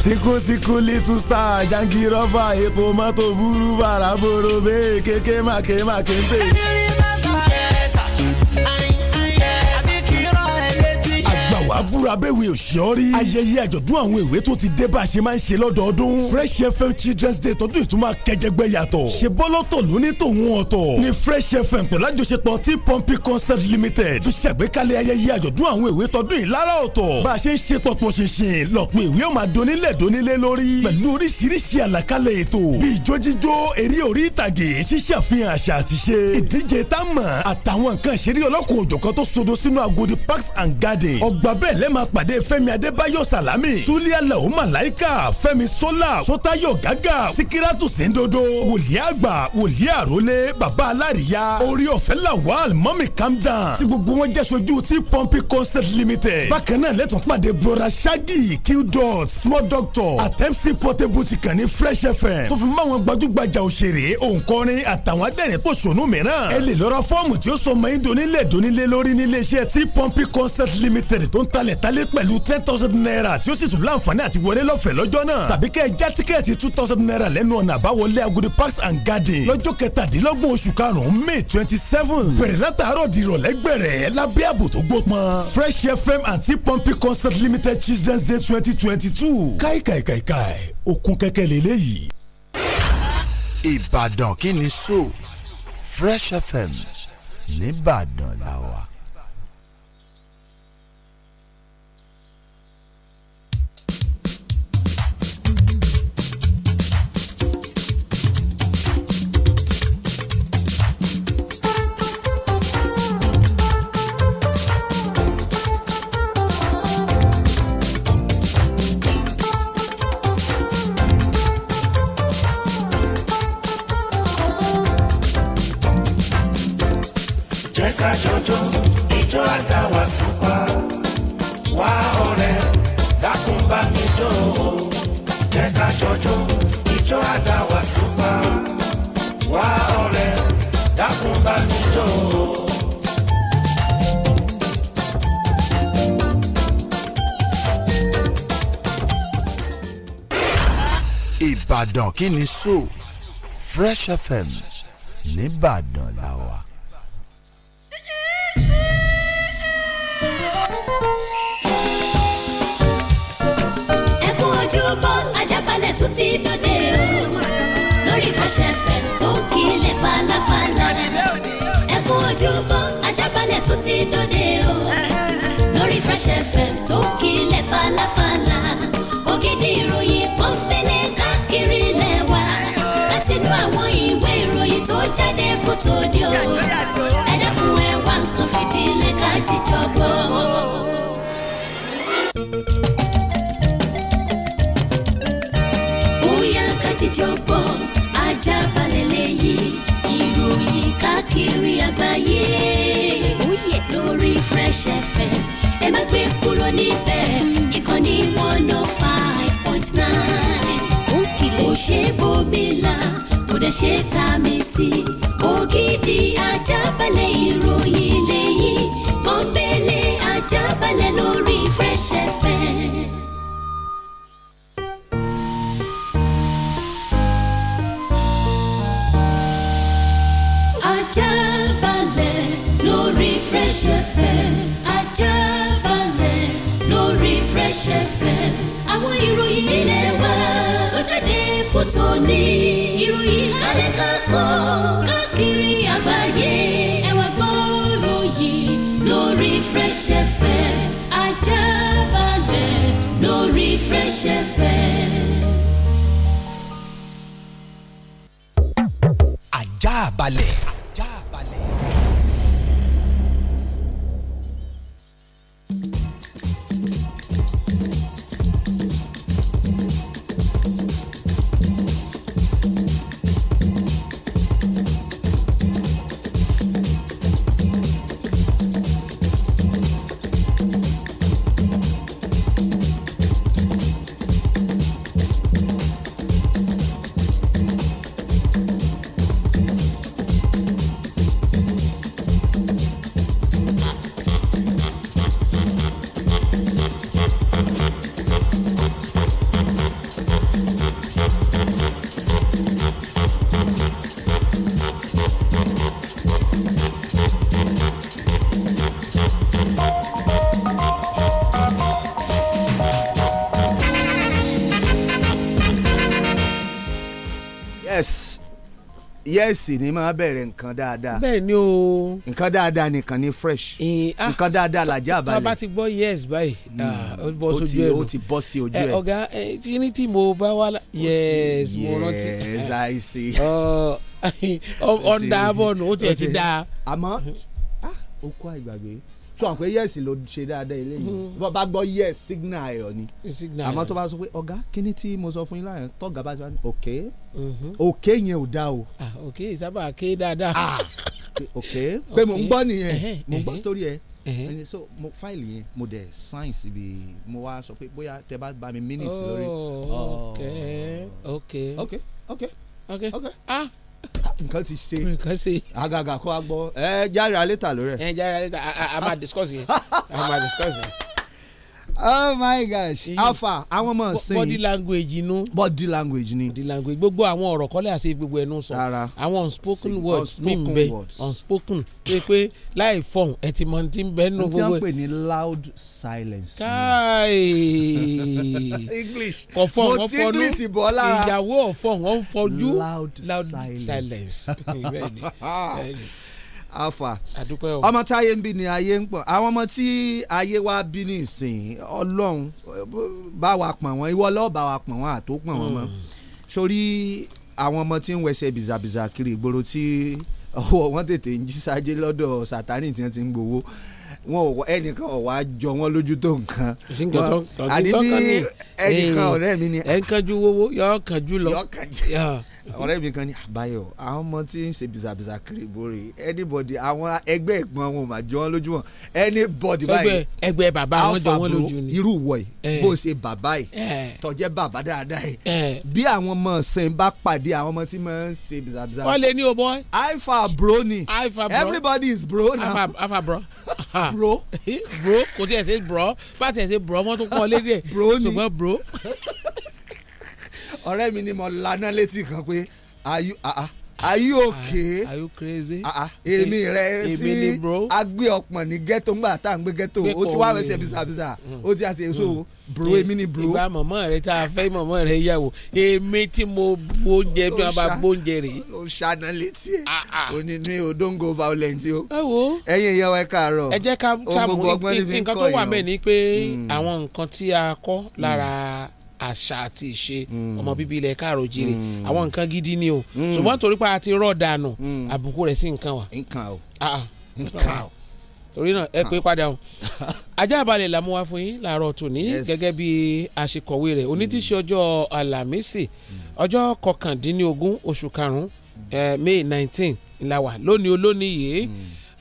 síkúsíkú little star jankirofa epo mọ́tò burú bàrà borobe kékèmàkèmàkè ń pè é. àbúrò abẹ́wé òṣìọ́rí. ayẹyẹ àjọ̀dún àwọn èwe tó ti dé bá a ṣe máa ń ṣe lọ́dọọdún. fresh fm children's day tọdún ìtumọ̀ kẹjẹgbẹ́ yàtọ̀. ṣe bọ́lọ́tọ̀ lóní tòun ọ̀tọ̀. ní fresh fm pẹ̀lú àjọṣepọ̀ tí pọ́ǹpì concept limited fi ṣàgbékalẹ̀ ayẹyẹ àjọ̀dún àwọn èwe tọdún ìlara ọ̀tọ̀. bá a ṣe ń ṣe pọ̀pọ̀ ṣinṣin lọ́pọ̀ èwe ó máa donílẹ̀ donílé lórí. pẹ̀lú oríṣiríṣi àlàkalẹ̀ ètò bíi jójíjó eré orí ìtàgé ṣíṣe àfihàn àṣà àtiṣe ìdíje tá a mọ̀ àtàwọn nǹkan ìṣeré ọlọ́kùnrin òjọ̀kan tó sodo sínú Agodi parks and gardens ọgbà níbẹ̀ lẹ́ máa pàdé fẹ́mi adébáyọ̀ sàlámì súlẹ̀ aláwọ̀ màláìka fẹ́mi sọ́là sọ́tayọ̀ gágà síkírátù síndodo wòlíì àgbà wòlíì àrólé bàbá aláríyá orí ọ̀fẹ́ lawal mọ́mì calm down tí gbogbo wọn jẹ́ sojú ti pọ́ǹpì concert limited bákan náà lẹ́tún pàdé broda shaggy q dot small doctor àtẹ́msì portable ti kàn ní fresh fm tó fi máwọn gbajúgbajà òṣèré òǹkọrin àtàwọn adẹ́rìn pòṣónú mìíràn ẹ lè lọ́ra fọ́ọ̀mù tí ó sọ mọ́ ẹ́ donílẹ̀ donílẹ̀ lórí níléeṣẹ́ ti pọ́ǹpì concert limited tó ń ta talẹ̀ talẹ̀ pẹ̀lú ten thousand naira tí ó sì tún láǹfààní àti wọlé lọ́fẹ̀ẹ́ lọ́jọ́ náà tàbí kẹ́ ẹ já tíkẹ́ẹ̀tì two thousand naira lẹ́nu ọ̀nà àbáwọlé Agodi Parks and Garden lọ́jọ́ kẹtàdínlọ́gbọ̀n oṣù karùn-ún May twenty seven bẹ̀rẹ̀ látàárọ̀ di ìrọ̀lẹ́ gbẹ̀rẹ̀ lábẹ́ ààbò tó gbópọn Fresh FM àti Pompi Concert Limited Children's Day twenty twenty two káìkàìkàìkàì òkun kẹ́kẹ́ lélẹ́yìí. Ìbàdàn kí ni so Fresh FM nìbàdàn làwà. so Fresh FM nìbàdàn la wà. ẹ kú ojúbọ Ajaabale tún ti dòde o lórí Fresh FM tó ń kílẹ̀ falafala ẹ kú ojúbọ Ajaabale tún ti dòde o lórí Fresh FM tó ń kílẹ̀ falafala. jáde fótó ni o ẹ dẹ́kun ẹ wá nǹkan fìdílé ká jíjọ gbọ́. bóyá ká jíjọ gbọ́ ajá balẹ̀ lẹ́yìn ìròyìn káàkiri àgbáyé lórí Fresh FM ẹ má gbé kúrò níbẹ̀ ìkànnì one oh five point nine kò ṣe bómi kò dẹ̀ ṣe ta mi sí ògidì ajábalẹ̀ ìròyìn lẹ́yìn. yẹ́ẹ̀sì ni máa bẹ̀rẹ̀ nǹkan dáadáa. bẹ́ẹ̀ ni o. nǹkan dáadáa nìkan ni fresh. Eh, ah, nǹkan dáadáa làjà balẹ̀. tá a bá ti gbọ́ yes báyìí hmm, ah, ó bọ́ sójú ẹ̀ lọ. ó ti bọ́ sí ojú eh, ẹ̀. ọ̀gá eh, kíní tí mo bá wá yes mo rántí. yes i see. ọ̀ndà *laughs* bọ̀nù oh, *laughs* ó tiẹ̀ ti dáa. àmọ́ mm-hmm. ah, ó kó àìgbàgbé tó hàn pé yes ló ṣe dáadáa eléyìí hmm. bó bá gbọ́ yes signal ayọ̀ ni àmọ́ tó bá sọ pé ọ̀gá kí ni tí mo sọ fún yín láàyè tọ́gà bá ti wá ní òkè òkè mhm. yẹn ò dá o. òkè ìsábà ké dáadáa. òkè ah, pé mo ń gbọ́ nìyẹn mo ń gbọ́ sítórí ẹ̀ ẹni so mo fáìlì yẹn mo dẹ̀ sáìn síbi mo wá sọ pé bóyá tẹ bá bá mi mínítì lórí. Oh, oh. ok ok ok ok ok ah nǹkan ti ṣe nǹkan ṣe àgàgà kó a gbọ́ ẹ jára létà lórí ẹ. ẹ jára létà a máa discuss yẹn a máa discuss yẹn oh my gosh alpha àwọn ọmọ ṣe body language inú body language ni body language gbogbo àwọn ọ̀rọ̀ kọ́lẹ́ àti gbogbo ẹnu sọ rárá àwọn unspoken See, words mi n bẹ unspoken pé pé láì fọhùn ẹ ti mọ ti ń bẹ nínú gbogbo n ti ń pè ní loud silence. káàyè english kò fọhùn wọn fọnú ìyàwó ọ̀fọ̀hún wọn fojú loud silence. *laughs* *laughs* alfa ọmọ tí ayé ń bí ni ayé ń pọ̀ àwọn ọmọ tí ayé wa bí ní ìsìn ọlọ́run bá wa pọ̀n wọn ìwọ lọ́ọ́ bá wa pọ̀n wọn àtó pọ̀n wọn mọ́ hmm. sórí àwọn ọmọ tí ń wẹsẹ̀ bìzàbìzà kiri ìgboro tí ọwọ́ wọn tètè ń jí sáájé lọ́dọ̀ sátánì tí wọ́n ti ń gbowó wọn ò ẹnìkan ò wá jọ wọn lójú tó nǹkan àní ẹnìkan ọ̀rẹ́ mi ni. ẹ ń kanjú wowó yọ kanjú lọ ọ̀rẹ́ mi kan ní àbáyọ àwọn ọmọ tí ń ṣe bìzàbìzà kiri ìbòrè anybody àwọn ẹgbẹ́ ẹ̀gbọ́n wọn mà jọ wọn lójú wọn anybody báyìí ẹgbẹ́ bàbá wọn jọ wọn lójú ni irú wọ̀ yìí bó ṣe bàbá yìí tọ́jẹ́ bàbá dáadáa yìí bí àwọn ọmọ sẹ́yìn bá pàdé àwọn ọmọ tí mọ̀ ń ṣe bìzàbìzà. wọ́n lè ní o boy. alpha bro ni everybody is bro now. alpha bro *laughs* bro bro kò tí ẹ̀ ṣe bro bá tẹ̀ ṣe bro mọ́tò kọ́ lédè ṣùgbọ́n *laughs* ọ̀rẹ́ mi ni mo laná létí kan pé ayu aa ayu òkè aa èmi eh, rẹ tí a gbé ọpọ̀n ní ghetto ńgbà tá à ń gbé ghetto ó ti wá wẹsẹ̀ bisabisa mm. ó ti àṣẹ èso mm. bro èmi ni bro. ìgbà mọ̀mọ́ rẹ tá a fẹ́ mọ̀mọ́ rẹ yà wò èmi tí mo gbóúnjẹ bí wọ́n bá gbóúnjẹ rè. Ah, ah. o ṣàna létí ẹ òní ní odongo violent o. ẹ wo ẹ̀yin ìyá wa ẹ káàárọ̀. ẹ jẹ́ ká mú nǹkan tó wà mẹ́ẹ̀ ni pé hmm. àwọn nǹkan tí a kọ́ hmm. lára àṣà àti ìṣe hmm. ọmọ bíbí ilẹ̀ káàró jire hmm. àwọn nǹkan gidi ni o hmm. ṣùgbọ́n torí pé a ti rọ̀ dànù àbùkù rẹ̀ sí nǹkan wa. nǹkan o ah, ah. nǹkan o torí náà ẹ pé padà o *laughs* ajá balẹ̀ la mú wá fún yín láàárọ̀ tòní gẹ́gẹ́ bí aṣekọ̀wé rẹ̀ onítìṣe ọjọ́ alámísì ọjọ́ kọkàndínlógún oṣù karùn-ún eh, may nineteen la wà lónìí olónìí yìí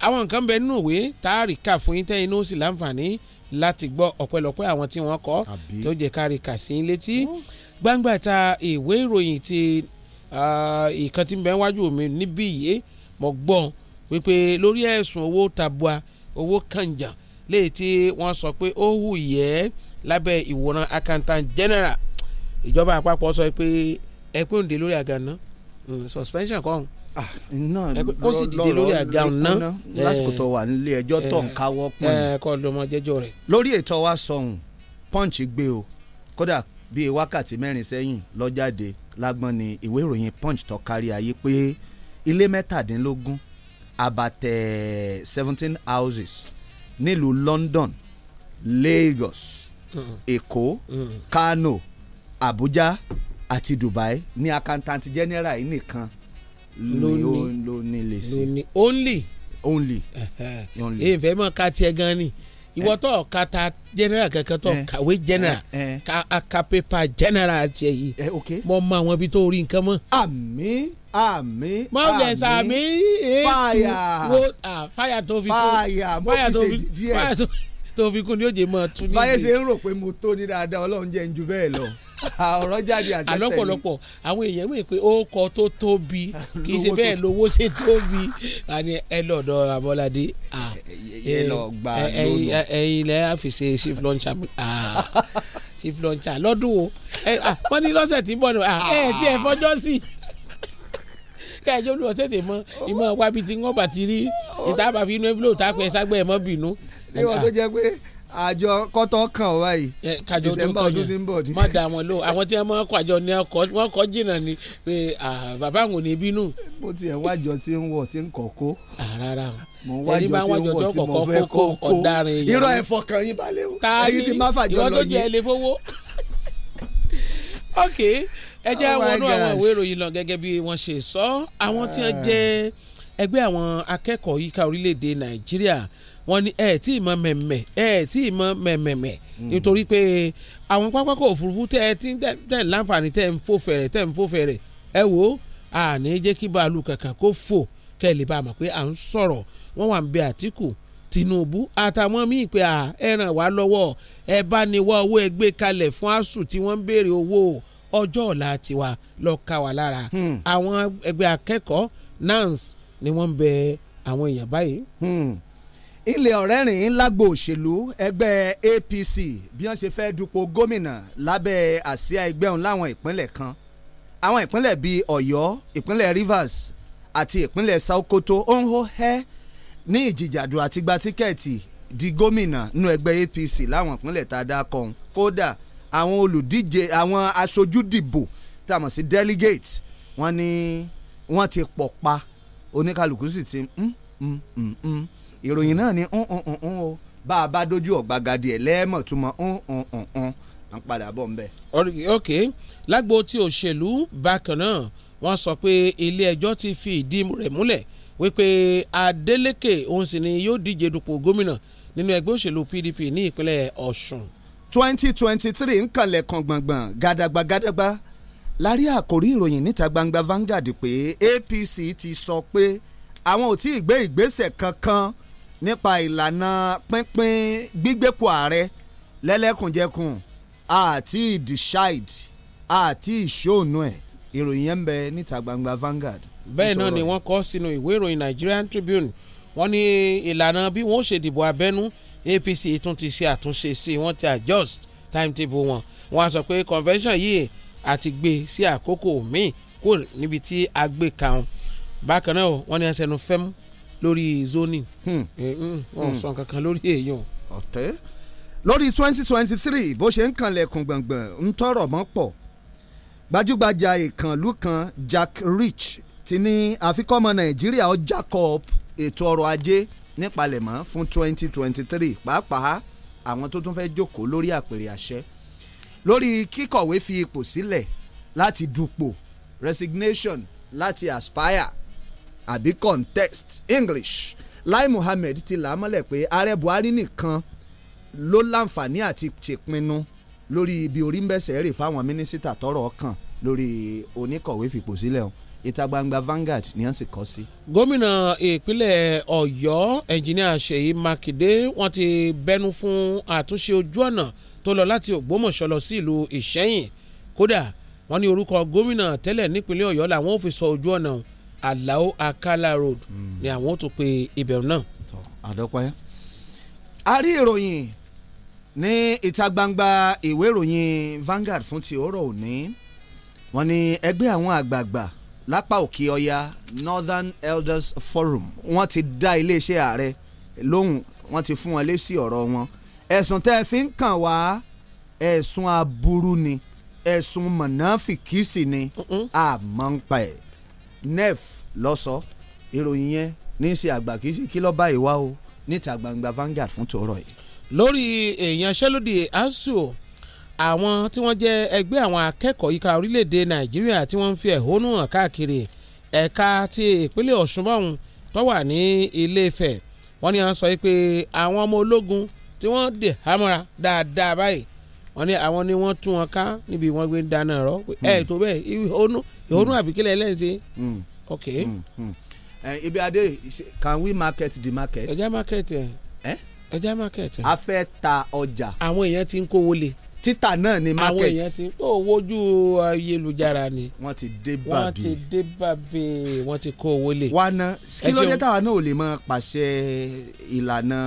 àwọn nǹkan bẹ nínú ìwé tá a rí kà fún yín tẹ́yìn ní ó sì láǹfààní láti gbọ́ ọ̀pẹ́lọpẹ́ àwọn tí wọ́n kọ tó jẹ́ kárí kàsí létí gbangba ta ìwé ìròyìn ti ìkan tí ń bẹ wájú mi níbí yìí mo gbọ́ wípé lórí ẹ̀sùn owó tabua owó kànjà léyìí tí wọ́n sọ pé ó hù yẹ́ lábẹ́ ìwòran accountant general ìjọba àpapọ̀ sọ pé ẹkún òǹdè lórí àgànná hmm, suspension kọ́hún Ah, ó sì dìde lórí àga ọ̀nà lásìkò tó wà nílé ẹjọ́ tó ń káwọ́ pọ̀ ní. kọ́ lórí ètò wa sọ̀hún punch gbé o kódà bíi wákàtí mẹ́rin sẹ́yìn ló jáde lágbọ́n ni ìwé ìròyìn punch tó kárí ayé pé ilé mẹ́tàdínlógún abatẹ seventeen houses nílùú London Lagos Èkó Kano Abuja àti Dubai ní akantanti general yìí nìkan ló ní lè sí. only. only. èèfẹ́ mọ̀ ká tiẹ̀ gan ni ìwọ eh. tó ka ta general kankan tó eh. kàwé general eh, ka aka paper general tiẹ̀ yìí mọ̀ mọ àwọn ibi tó rí nǹkan mọ́. àmín àmín mọ̀lẹ́sà àmín fàyà fàyà tó fi kú fàyà tó fi díẹ̀ fàyà tó fi kú ni ó jẹ́ mọ́ tún ní. báyẹ̀ ṣe ń rò pé mo tó ní dáadáa ọlọ́run jẹ́ ń ju bẹ́ẹ̀ lọ. *laughs* Ah, ọ̀rọ̀ jáde àṣẹ tẹ̀lé. àlọ́pọ̀lọpọ̀ àwọn èèyàn mọ̀ pé ó kọ tó tóbi *laughs* kì í ṣe bẹ́ẹ̀ lówó ṣe tóbi àní ẹ lọ́dọ̀ abọ́ládé. ẹ lọ gbà lónìí. ẹyin lẹ́ àfìṣe chief launcher chief *laughs* launcher lọ́dún o wọ́n ní lọ́sẹ̀ tí ń bọ̀ ní ẹ tí ẹ fọjọ́ sí káyọ̀jọ́ olùwọ̀ tètè mọ ìmọ̀ wábi tí wọ́n bá ti rí oh. ìta bàbí inú ẹ̀ bí lóòótọ́ àpẹ ságbẹ́ ẹ̀ mọ́ bínú. ní wọn tó jẹ pé àjọ kọ́tọ́ kan ọ̀wá yìí december ọdún tí ń bọ̀ ni. má da wọn lò àwọn tí wọn kọ àjọ ni wọn kọ jìnnà ni pé bàbá àwọn ò ní bínú. bó tiẹ̀ wájọ tí ń wọ̀ tí ń kọ̀ kó. rárá o mo ń wájọ tí ń wọ̀ tí mo fẹ́ kó kó irọ́ ẹ̀fọ́ kan yín balẹ̀ o ayé ti má fàjọ lọ yín. *laughs* ok ẹ jẹ́ oh wọnú àwọn ìwé ìròyìn lọ gẹ́gẹ́ bí wọ́n ṣe sọ àwọn tí wọ́n ah. jẹ́ ẹgbẹ́ àwọn akẹ́kọ̀ọ́ yíká orílẹ̀-èdè Nàìjíríà wọ́n ní ẹ̀ tí ì mọ mẹ̀mẹ̀ ẹ̀ tí ì mọ mẹ̀mẹ̀mẹ̀ hmm. nítorí pé àwọn pápákọ̀ òfurufú tẹ́ ẹ ti tẹ̀ láǹfààní tẹ̀ ń fò fẹ̀rẹ̀ tẹ̀ ń fò fẹ̀rẹ̀ ẹ wò ó àní jẹ́ kí bàálù kankan kó fò kẹ́ ẹ lè bá a mọ̀ pé à ń sọ̀rọ̀ wọ́n wà ń bẹ Àtíkù Tinubu àtàwọn míì pé à ẹ ràn wá lọ́wọ́ ẹ bá ní wá owó ẹ gbé kalẹ̀ fún asùn tí wọ́n ń béèrè owó ọjọ́ ọ̀la tiwa lọ ká wa lára hmm. àwọn ẹgbẹ́ akẹ́kọ̀ọ́ NANS ni wọ́n ń bẹ àwọn èèyàn báyìí. Hmm ilé ọ̀rẹ́ rìn lágbo òṣèlú ẹgbẹ́ APC bí wọ́n ṣe fẹ́ dupò gómìnà lábẹ́ àsíá ẹgbẹ́ òun láwọn ìpínlẹ̀ kan àwọn ìpínlẹ̀ bíi Ọ̀yọ́ ìpínlẹ̀ Rivers àti ìpínlẹ̀ Sokoto onho hẹ́ ní ìjìjàdù àti gba tíkẹ́ẹ̀tì di gómìnà nínú ẹgbẹ́ APC láwọn ìpínlẹ̀ tá a dá kọ́ ọ̀hún kódà àwọn olùdíje àwọn aṣojú dìbò tá a mọ̀ sí delegate wọ́n ní wọ́n ti pọ̀ pa oníkàlùkù sì ti ń ń ń ń ìròyìn náà ni ń ń ń o bá a bá dojú ọ̀gbagadì ẹ̀ lẹ́ẹ̀mọ̀ túmọ̀ ń ń ń ń à ń padà bọ̀ nbẹ. ok lágbo tí òṣèlú bákan náà wọ́n sọ pé ilé ẹjọ́ ti fi ìdí rẹ̀ múlẹ̀ wípé Adeleke òun sì ni yóò díje dupò gómìnà nínú ẹgbẹ́ òṣèlú PDP ní ìpínlẹ̀ Ọ̀ṣun. twenty twenty three ńkànlẹ̀ kan gbọ̀ngbọ̀n gàdàgbà gàdàgbà lárí àkórí ìròyìn níta gbangba Vanguard pé APC ti sọ pé àwọn ò tí ì gbé ìgbésẹ̀ kankan nípa ìlànà pínpín gbígbépò ààrẹ lẹ́lẹ́kùnjẹkùn àti ìdìṣáìd àti ìṣóònú ẹ̀ ìròyìn yẹn ń bẹ níta gbangba Vanguard. bẹ́ẹ̀ náà ni wọ́n kọ sínú ìwé ìròyìn Nigerian Tribune wọ́n ní ìlànà bí wọ́n ṣe dìbò abẹ́nú APC tún ti ṣe àtúnṣe sí wọ́n ti adjust timetable wọn wọ́n á sọ pé convention yìí àti gbé sí àkókò míì kúrò níbi tí a gbé kàn bákan náà wọ́n ní ẹsẹ̀ nu fẹ́mú lórí zoning hmm. eh, hmm, wọn hmm. sọ kankan lórí èèyàn. ọ̀tẹ́ lórí twenty twenty three bó ṣe ń kanlẹ̀kùn gbọ̀ngbọ̀n ń tọrọ mọ́ pọ̀ gbajúgbajà ìkànlú kan Jack Rich ti ní àfikọ́mọ Nàìjíríà ó jack up ètò ọrọ̀ ajé nípalẹ̀mọ́ fún twenty twenty three pàápàá àwọn tó tún fẹ́ jókòó lórí àpèrè àṣẹ lórí kíkọ̀wé fi ipò sílẹ̀ láti dupò resignation láti aspire àbí context English Lai Muhammed ti là á mọ́lẹ̀ pé ààrẹ Buhari nìkan ló láǹfààní àti ṣèpinnu lórí ibi orí ń bẹ̀sẹ̀ rè fáwọn mínísítà tọ́rọ̀ kàn lórí oníkọ̀wé fipò sílẹ̀ o ìta gbangba Vanguard ni wọ́n sì kọ sí. gómìnà ìpínlẹ̀ Ọ̀yọ́ ẹnjiníà Ṣèyí Mákindé wọ́n ti bẹnu fún àtúnṣe ojú ọ̀nà tó lọ láti Ògbómọ̀ṣọ́ lọ sí ìlú Ìṣẹ́yìn kódà wọ́n ní orúkọ gómìnà tẹ́lẹ̀ nípínlẹ̀ Ọ̀yọ́ làwọn ò fi sọ ojú ọ̀nà ọ̀hún alao akala road mm. ni àwọn tó pe ibẹ̀ náà. àdọ́payá a rí ìròyìn ní ìta gbangba ìwé ìròyìn Vanguard fún ti òórọ̀ òní wọ́n ní ẹgbẹ́ àwọn àgbààgbà lápá òkè ọya Northern Elders Forum wọ́n ti dá iléeṣẹ́ ààrẹ lóhùn wọ́n ti fún wọn lésì ọ̀rọ̀ wọn ẹ̀sùn tẹ́ ẹ fi ń kàn wá ẹ̀sùn aburú ni ẹ̀sùn mọ̀nàfìkì ni àmọ́ ń pa ẹ̀ nef lọ́sọ ìròyìn yẹn ní í ṣe àgbà kì í ṣe kí lọ́ọ́ báyìí wá o níta gbangba Vanguard fún tòórọ́ yìí. lórí ìyanṣẹ́lódì ASUU àwọn tí wọ́n jẹ́ ẹgbẹ́ àwọn akẹ́kọ̀ọ́ yíká orílẹ̀-èdè Nàìjíríà tí wọ́n ń fi ẹ̀hónú hàn káàkiri ẹ̀ka ti ìpínlẹ̀ Ọ̀ṣun báwọn tó wà ní Ilé-Ifẹ̀ wọ́n ní à sọ pé àwọn ọmọ ológun tí wọ́n dè hámọ́ra dáadáa báyìí wọ́n ní àwọn ni wọ́n tún wọn ká níbi wọ́n gbé dáná rọ hmm. ẹ tó bẹ́ẹ̀ ìhónú ìhónú hmm. àbíkílẹ̀ lẹ́sìn. Hmm. ok. ibi adé can we market the market. ẹja market ẹ ẹja market ẹ. a fẹ́ ta ọjà. àwọn èèyàn ti ń kówó le títà náà ni market. àwọn èèyàn ti kó wojú ayélujára ni. wọ́n ti dé bàbí wọ́n ti dé bàbí wọ́n ti kó owó lè. wá ná kí ló dé táwa náà ò lè máa pàṣẹ ìlànà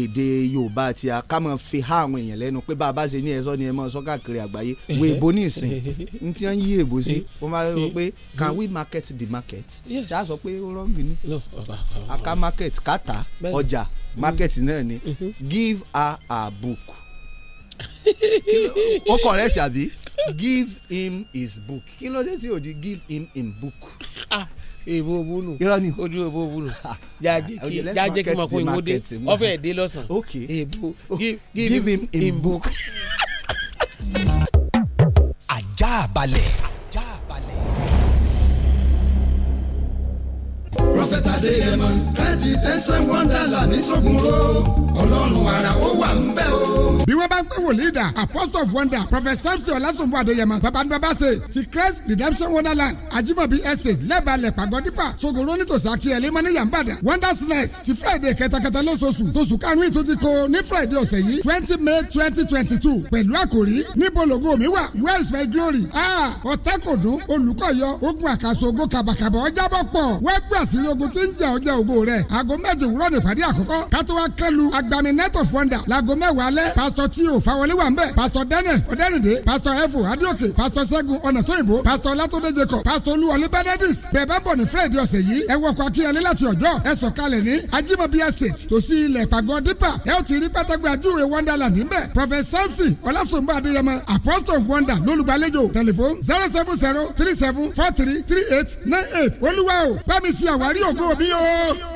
èdè yorùbá àti àkàmọ́ fi há àwọn èèyàn lẹ́nu pé bá a bá ṣe ní ẹ̀sọ́ ni ẹ máa sọ káàkiri àgbáyé wo èbó ní ìsìn n tí wọ́n yí èbó sí wọ́n máa sọ pé can we market the market. yes ṣáà sọ pé ó rọ́ǹgì ni àká market kàtà ọjà market náà ni give her her book. *laughs* ó correct àbí give him his book kí ló dé tí o di give him him book. Ah, èèbò òbúnù irọ́ ni ojú èèbò òbúnù jáde kí mọ̀ kó ìwọ dé ọ̀fẹ́ ẹ̀dẹ́ lọ́sàn-án èèbò oh, give him him book. ajá balẹ̀. ajá Prophet Adéyẹmọ presidential wonderland ní Sogoro ọlọ́run ara ó wà ń bẹ̀ o. bí wọ́n bá ń pè wòlíì dà apostle of wonder Prophet Samson Ọlásùnmọ́ Adéyẹmọ babanbabase ti Christ redemption wonderland Ajimobi estate lẹ́bàálẹ̀ pàgọ́dípà Sogoro nítòsí akíyẹlé mọ́níyà ń bàdàn wonders night ti Friday kẹtakẹta lóṣooṣù tóṣù karùn-ún tó ti ko ní Friday ọ̀sẹ̀ yìí twenty May twenty twenty two pẹ̀lú àkòrí níbo lògo mi wà where is my glory ah, ọ̀tẹ́kọ̀dún olùkọ́yọ ogun àkàsọ̀ ogun kàbàkàbà ọjàbọ̀ pọ̀ wẹ́gbàsílẹ̀ ogun tí ń jà ọjà ògo rẹ̀. aago mẹ́jọ òwúrọ̀ nípàdé àkọ́kọ́ kátó wa kẹlu agbami net of wonder laago mẹ́wàá alẹ́ pásítọ̀ tí o fawọlé wà ń bẹ̀ pásítọ̀ daniel ọ̀dẹ́rìndé pásítọ̀ ẹ̀fọ́ adéòkè pásítọ̀ sẹ́gun ọ̀nàtóyìnbó pásítọ̀ látọ́dé jacob pásítọ̀ olúwọlé benedict bẹ́ẹ̀ bá ń bọ̀ ní friday ọ̀sẹ̀ yìí ẹ wọkọ̀ akínyẹlé láti ọjọ́ ẹ sọ̀kalẹ̀ ní ajimabi estate tòsí ilẹ̀ pàgọ́ dípà ẹ ó ti rí pátágbé ajúwe wonderland níbẹ̀ prophet samson ọlásùnbọ̀ adéyẹmọ apostle wonder tẹlifon zero seven zero three seven four three three eight nine eight olúwa o bá mi ṣe àwárí jogou mion!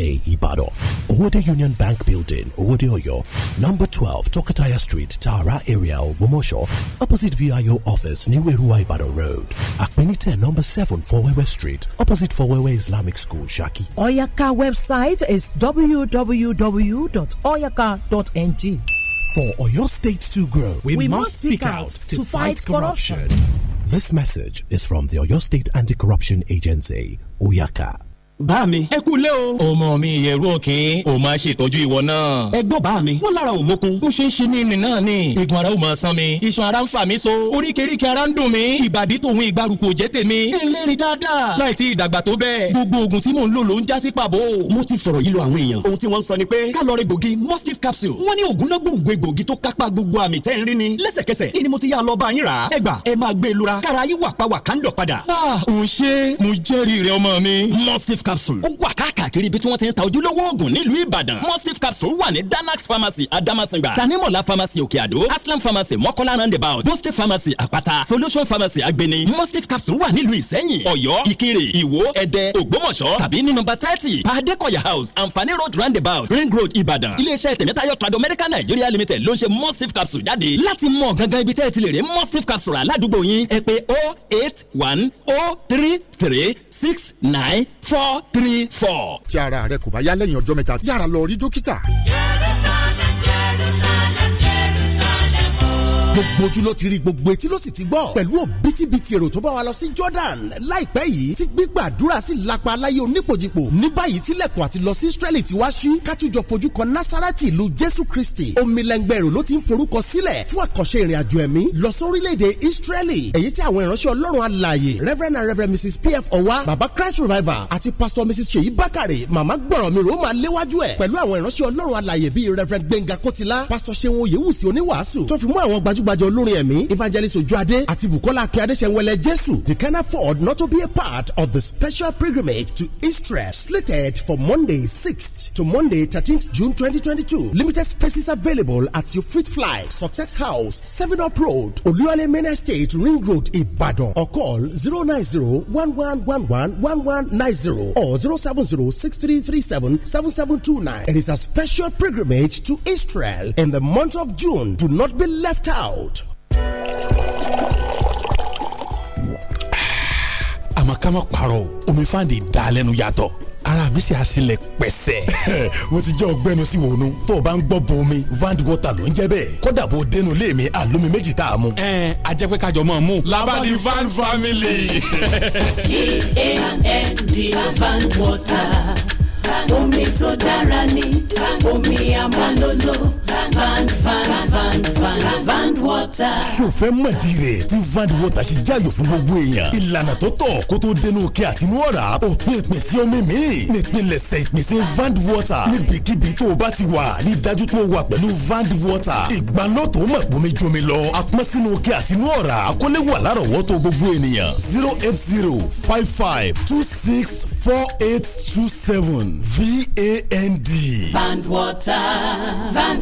A, Ibadan. Owode Union Bank Building, Owode Oyo, number 12, Tokataya Street, Tara area, Ogumosho, opposite VIO office, Niwerua Ibadan Road. Akpenite, number 7, Fowewe Street, opposite Fowewe Islamic School, Shaki. Oyaka website is www.oyaka.ng. For Oyo State to grow, we, we must speak out to, to fight, fight corruption. corruption. This message is from the Oyo State Anti Corruption Agency, Oyaka. bá mi. ẹ kú lé o. ọmọ mi ìyẹ̀rú òkè o máa ṣètọ́jú ìwọ náà. ẹ gbọ́ bá mi. wọ́n lára ò mókun. ó ṣe ń ṣe ní ìrìn náà ni. igun ara ò máa san mi. iṣan ara ń fà mí so. oríkèéríkèé ara ń dùn mí. ìbàdí tòun ìgbàrúkọ jẹ́ tèmi. ẹlẹ́rìí dáadáa. láì sí ìdàgbà tó bẹ́ẹ̀. gbogbo oògùn tí mò ń lò ló ń já sí pàbó. mo ti fọ̀rọ̀ yìí lọ àwọn èèyàn. ohun tí wọ́n sọ ni pé kálọ̀rì capsule. wọ́n ní oògùn náà gbòǹgbò egbògi ni. lẹ́sẹ̀kẹsẹ̀ ìní mo ti yá lọ bá yín e lura. kára yín wà pa ah òun ṣe mo jẹ́rìí capsule. ó wà káàkiri ibi tí wọ́n ti ń ta ojúlówó oògùn nílùú Ìbàdàn. mustif capsule wà ní danax pharmacy adamasingba. tanimola pharmacy òkè àdó. aslam pharmacy mọ́kànlá roundabout. boste pharmacy àpáta. solution pharmacy agbeni. mustif capsule wà nílùú ìsẹ́yìn. ọ̀yọ́ ìkirè ìwó ẹ̀dẹ́ ògbómọ̀ṣọ́. tàbí ní nọmba thirty. pàdékọ̀yà house àǹfààní road roundabout ring road Ìbàdàn. iléeṣẹ́ tẹ̀mẹ́tayọ̀ trado medical Nigeria limited ló ń ṣe capsule jáde. láti mọ gangan ibi tẹ́ ẹ capsule aládùúgbò yín ẹ pé oh eight one oh three three six nine four three four. tí ara rẹ kò bá yá lẹ́yìn ọjọ́ mẹ́ta yára lọ rí dókítà. Oh. gbogbo ojú ló ti rí gbogbo etí ló sì ti gbọ́ pẹ̀lú òbí òbítíbitì èrò tó bá wa lọ sí Jordan láìpẹ́ yìí tí gbígbàdúrà sí lápá aláyé onípojìpò ní báyìí tilẹ̀kùn àti lọ sí Israeli ti wá sí kátújọ fojú kan Nasarati ìlú Jésù Kristi omilẹ̀ngbẹ̀rù ló ti ń forúkọ sílẹ̀ fún àkànṣe ìrìnàjò ẹ̀mí lọ sórílẹ̀-èdè Israeli èyí tí àwọn ìránṣẹ́ Ọlọ́run alààyè Reverend and Reverend Mrs P.F. Ọwa Baba Christ Revival àti Pastor Mrs Seyi Bakare màmá gbọ̀rọ̀ mi rò máa léwájú ẹ̀ pẹ̀lú àwọn ìránṣẹ́ Ọlọ́run alààyè bíi Reverend Gbenga Kotila Pastor Seun Oyewusi oníwàásù tó fi mú àwọn gbajúgbajà olórin ẹ̀mí Evangelist Ojuade àti Bukola Akẹ́ Adeshenwele Jesu, they can afford not to be a part of the special pilgrimage to Israel slated for Monday 6th to Monday 13th June 2022. Limited spaces available at your Fleet Fly, Success House, 7 Up Road, Oluale Main Estate, Ring Road, Ibadan, or call 090 or 070 It is a special pilgrimage to Israel in the month of June. Do not be left out. àmọ́ ká má parọ́ omi fáǹdì ìdálẹ́nu yàtọ̀ ara mi sì á sílẹ̀ pẹ̀sẹ̀. *laughs* mo ti jẹ́ ọgbẹ́nu sí wònú tó o bá ń gbọ́ bo omi van water ló ń jẹ́ bẹ́ẹ̀ kódà bó o dénú lé mi àlómi méjì tá a mú. ẹ a jẹ́ pé kájọ mọ̀ mú. labadi van family. g-a-n-d van water omi tó dára ní omi amalolo sòfẹ́ mọ̀dí rẹ̀ tí vand water ṣe jáyò fún gbogbo èèyàn ìlànà tó tọ́ kó tó dénú kí àtinú ọ̀rá òpin ìpèsè omi míì nípìnlẹ̀sẹ̀ ìpèsè vand water níbikíbi tó o bá ti wà ní dájú tó o wà pẹ̀lú vand water ìgbanlọ́tò mọ̀ bomi jomi lọ apọ́n sínú kí àtinú ọ̀rá akọ́lé wà lárọ̀wọ́tò gbogbo ènìyàn zero eight zero five five two six four eight two seven vand. vand water vand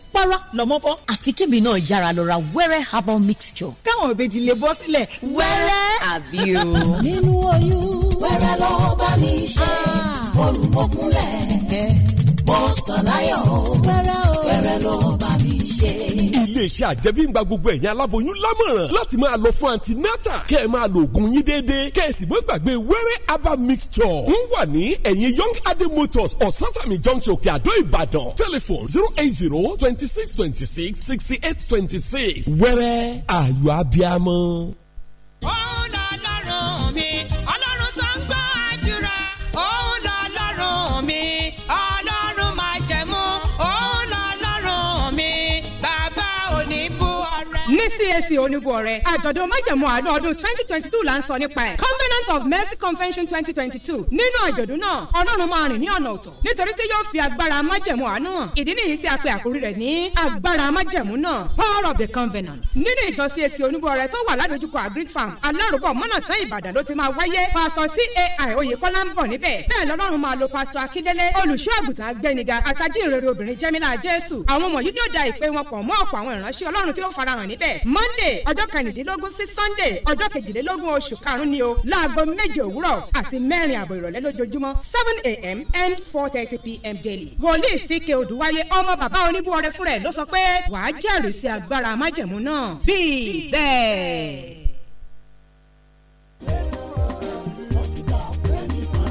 para lọmọ bọ́. àfi kébì náà yára lọ ra wẹ́rẹ́ herbal mixture. káwọn òbejì lè bọ́ sílẹ̀ wẹ́rẹ́. àbí o. *laughs* nínú oyún wẹ́rẹ́ lọ bá mi ṣe ah. olùmọ̀kúnlẹ̀ mọ̀sán wẹ́rẹ́ lọ bá mi ṣe lè ṣe àjẹbí ń gba gbogbo ẹ̀yin aláboyún lámọ̀ràn láti máa lọ fún antinata kẹ́ ẹ máa lo oògùn yín déédéé kẹ́ ẹ sì mọ́ gbàgbé wẹ́rẹ́ herbal mixture wọ́n wà ní ẹ̀yìn young adé motors ososani junction òkè ìbàdàn telephone zero eight zero twenty six twenty six sixty eight twenty six wẹ́rẹ́ ayọ̀ abiamọ. Oníbuọ̀rẹ́ àjọ̀dún májẹ̀mú àánú ọdún twenty twenty two là ń sọ nípa ẹ̀ Covenant of Mercy Convention twenty twenty two nínú àjọ̀dún náà Ọlọ́run máa rìn ní ọ̀nà ọ̀tọ̀ nítorí tí yóò fi agbára májẹ̀mú àánú hàn ìdí nìyí tí a pe àkórí rẹ̀ ní agbára májẹ̀mú náà Power of the Covenant nínú ìjọ CAC Oníbuọ̀rẹ́ tó wà ládojúkọ Agric Farm alárùbọ̀ mọ́nàtán Ìbàdàn ló ti máa wáyé pásítọ̀ TAI Oyèkọ́lá ń bọ̀ níbẹ̀ bẹ́ẹ̀ lọ́lọ́run máa lo pásítọ̀ Akíndélé olùṣọ́ àgùntàn agbẹ́niga àtàjírèrè obìnrin Jẹ́mílà Jésù àwọn ọmọ yìí ni ó da ìpè wọn pọ̀ mọ́ ọ̀pọ̀ àwọn ìránṣẹ́ Ọlọ́run tí ó farahàn níbẹ̀ Monday Monday ọjọ́ kẹrìndínlógún sí Sunday ọjọ́ kejìlélógún oṣù karùn-ún ni o láago méje òwúrọ̀ àti mẹ́rin àbọ̀ ìrọ̀lẹ́ lójoojúmọ́ seven a.m. and four thirty p.m. daily. wòlíì sí ke odùwáyé ọmọ bàbá oníbúọrẹ fúnra ẹ̀ ló sọ pé wàá jẹ́rìí sí agbára májẹ̀mú náà bíi bẹ́ẹ̀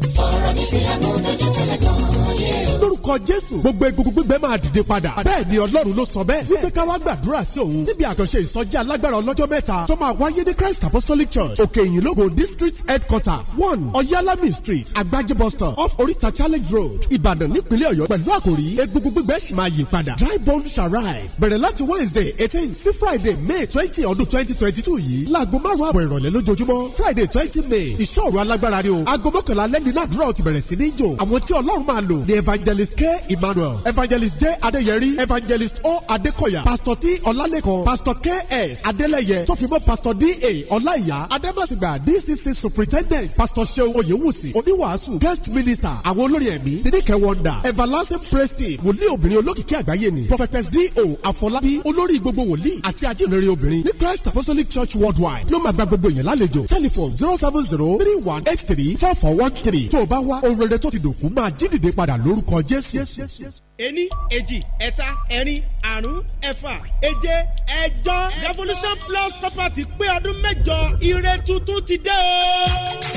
For a mission, I'm on the telegram. lórúkọ jésù gbogbo egungun gbígbẹ máa dìde padà bẹ́ẹ̀ ni ọlọ́run ló sọ bẹ́ẹ̀ wípé ká wá gbàdúrà sí òun níbi àkànṣe ìsọjí alágbára ọlọ́jọ́ mẹ́ta tó máa wáyé ní christ apostolic church òkè ìyìnlógo district headquarters one ọ̀yálàmì street àgbájé bus stop off oríta challenge road ìbàdàn nípínlẹ̀ ọ̀yọ́ pẹ̀lú àkòrí egungun gbígbẹ sì máa yí padà dry bone shall rise bẹ̀rẹ̀ láti wednesday eighteen sí friday may twenty ọdún twenty twenty two yìí láago márùn àbọ̀ ìrọ̀lẹ́ lójoojúmọ́ friday twenty may ìṣọ́ alágbára ni o aago mọ́kànlá lẹ́ni evangelist k emmanuel evangelist j adeyeri evangelist o adekoya pastor t ọlálẹ́kan pastor K S adeleye tófìmọ̀ pastor D da ọláìyá adébàsígbà dcc superintendent pastor seun oyewusi oníwàásù guest minister àwọn olórí ẹ̀mí dídíkẹ́ wọ́ndà everlasting praise team wòlíì obìnrin olókìkí àgbáyé ni prophetess d o àfọlábí olórí gbogbo wòlíì àti ajínrere obìnrin ní christ apostolic church worldwide ló máa gba gbogbo èèyàn lálejò telephone zero seven zero three one eight three four four one three tó o bá wá ohun rere tó ti dòkú máa jí dìde padà lórúkọ jésù. ení èjì ẹ̀ta ẹ̀rin àrún ẹ̀fà èje ẹ̀jọ revolution plus property pé ọdún mẹ́jọ ire tuntun ti dé o.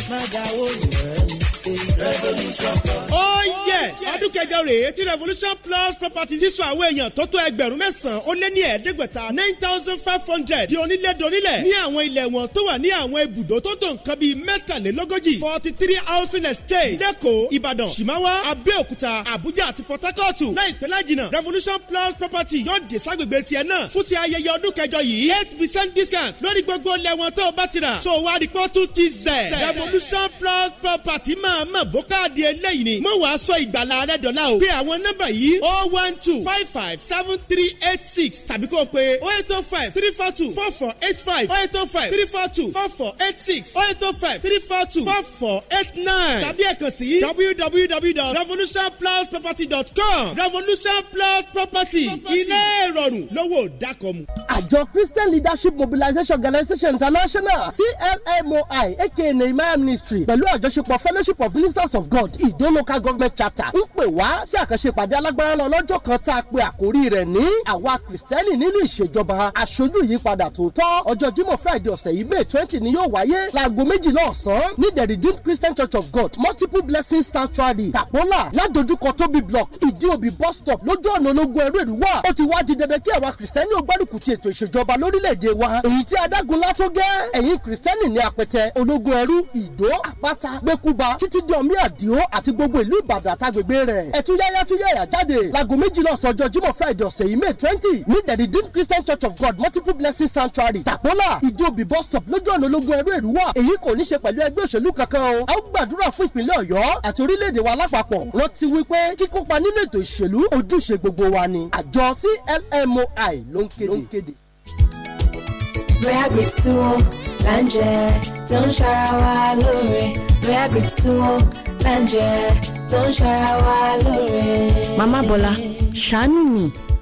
má dáwọ́ ìrẹ́ mi revolution plus. ó oh, yes ọdún kẹjọ rèé tí revolution plus property ti sọ àwọn èèyàn tó tó ẹgbẹ̀rún mẹ́sàn-án ó lé ní ẹ̀ẹ́dẹ́gbẹ̀ta nine thousand five hundred di onílẹ̀dọ́nílẹ̀ ní àwọn ilẹ̀ wọn tó wà ní àwọn ibùdó tó tó nǹkan bíi mẹ́tàlélógójì forty three housing estate lẹ́kọ̀ọ́ ìbàdàn ṣìmáwá abẹ́òkúta àbújá àti port harcourt láìpẹ́ lájìnà revolution plus property sì yóò dé ságbègbè tiẹ̀ náà fún ti ayẹyẹ ọdún kẹjọ yìí eight percent discount lórí gbogbo lẹ́wọ̀n tó bá ti rà so wá rí pọ́tù ti zẹ̀ revolution plus property máa mọ̀ bó káàdì eléyìí ni mo wàá sọ ìgbàlá rẹ dọ̀la o pé àwọn nọ́mbà yìí oh one two five five seven three eight six tàbí kó o oh eight oh five three four two four four eight five oh eight oh five three four two four four eight six oh eight oh five three four two four four eight nine tàbí ẹ̀kan sí www.revolutionplusproperty.com revolution plus property ilé ìrọ̀rùn lówó dákọ̀mù. àjọ Christian Leadership Mobilization Organization International CLMOI aka Nehemiah Ministry pẹ̀lú àjọṣepọ̀ Fellowship of Ministers of God Ìdó local government chapter ń pè wá sí àkànṣe ìpàdé alágbára lọ lọ́jọ́ kan tá a pe àkórí rẹ̀ ní àwa Kristẹni nínú ìṣèjọba aṣojú ìyípadà tòótọ́ ọjọ́ Jímọ̀ Friday ọ̀sẹ̀ yìí May twenty ni yóò wáyé láago méjìlá ọ̀sán ní the Redeemed Christian Church of God Multiple Blessing Sanctuary Tàpọ́là ládojúkọ Tóbi block Ìdíòbí bus stop lójú ọ̀nà ológun ẹrú ìrúwà ó ti wá di dandan kí àwa kìrìsìtẹ́nì ò gbárùkù ti ètò ìṣèjọba lórílẹ̀‐èdè wa èyí tí adágunlá tó gẹ́ ẹ̀yin kìrìsìtẹ́nì ní apẹtẹ ológun ẹrú ìdó àpáta gbẹkúba títí di ọmí àdìó àti gbogbo ìlú ìbàdàn àtàgbègbè rẹ̀ ẹ̀túnyáyá túnyáyà jáde láago méjìlá ọ̀sán ọjọ́ jímọ̀ friday ọ̀sẹ̀ yìí may twenty ní the redeemed christian church of god multiple blessing sanctuary tàpọ́là ìjọbi bus stop lójú ọ̀nà ológun ẹrú èrúwà èyí kò ní ṣe pẹ̀lú ẹgbẹ́ òṣèlú kankan o a ó gbàdúrà fún ìpínlẹ̀ ọ̀yọ́ àti orílẹ̀-èdè wa lápapọ̀ rántí wípé kíkópa nínú ètò ìṣèlú ojúṣe gbogbo wa ni àjọ c CLMOI ló ń kéde. Bóyá Brix tí wọ́n là ń jẹ tó ń ṣara wa lóore. Bóyá Brix tí wọ́n là ń jẹ tó ń ṣara wa lóore. Màmá Bọ́lá, ṣàánú mi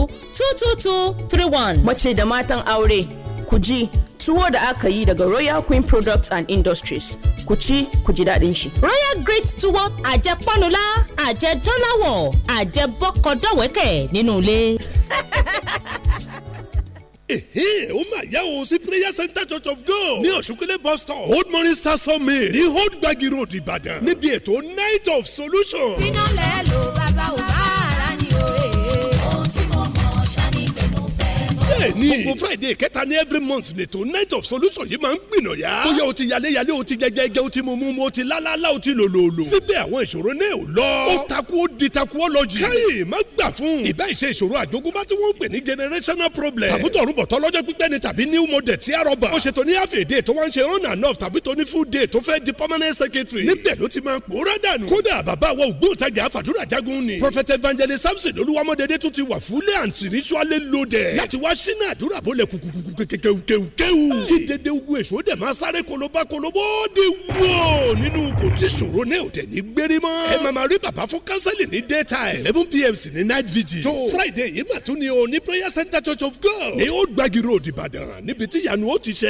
two two two three one. Mace da matan aure ku ji tuwo da aka yi daga Royal Queen Products and Industries. Ku ci ku ji daɗin shi. Royal Great Tuwo àjẹ pọ́nulá àjẹ dọ́làwọ̀ àjẹ bọ́kọ̀dọ̀wẹ́kẹ̀ nínú ilé. *laughs* ehe o ma ya o sí prayer center church of god ní ọ̀ṣunkẹ́lẹ́ bus stop old morning star summit ní old gbagi road ìbàdàn níbi ètò night of solution. iná lẹ́ ló bẹ́ẹ̀ni gbogbo friday kẹta ní every month lètò night of solution yìí máa ń gbìnàyà. bóyá o ti yaléyalé o ti jẹjẹjẹ o ti mumu o ti lálálá o ti lòlòlò. síbẹ̀ àwọn ìṣòro náà ò lọ. ó takú ó di takú ó lọ jù. káyè má gbà fún. ìbá ìṣe ìṣòro àjogúnbá tí wọ́n ń pè ní generational problem. tàbútọ̀rùbọ̀tọ̀ lọ́jọ́ pípẹ́ ni tàbí new model ti a rọ̀bà. ó ṣe ní half a day tó wá ń ṣe on and off tàbí tó ní full day tó fẹ́ di permanent secretary. níbẹ̀ ló ti máa pòórá dànù. kódà wa ògbóǹtajà àfàdúrà jagun ni. prophet evangelist samson olúwamọ́dédé tún ti wà fúlẹ̀ and spiritually loaded. láti wá ṣ sínú àdúrà bó lẹ kùkùkù kéwu kí dédé ugu èso dẹ̀ máa sáré kolobá kolobó di wó nínú kò tí ṣòro náà ò ní gbérí mọ́. ẹ màmá rí bàbá fún kánsẹ́lì ní daytime eleven pm sí ní night vigil tó friday yìí mà tún ni o ní prayer center church of god ní ó gbági road ìbàdàn níbi tí yanu ó ti ṣẹ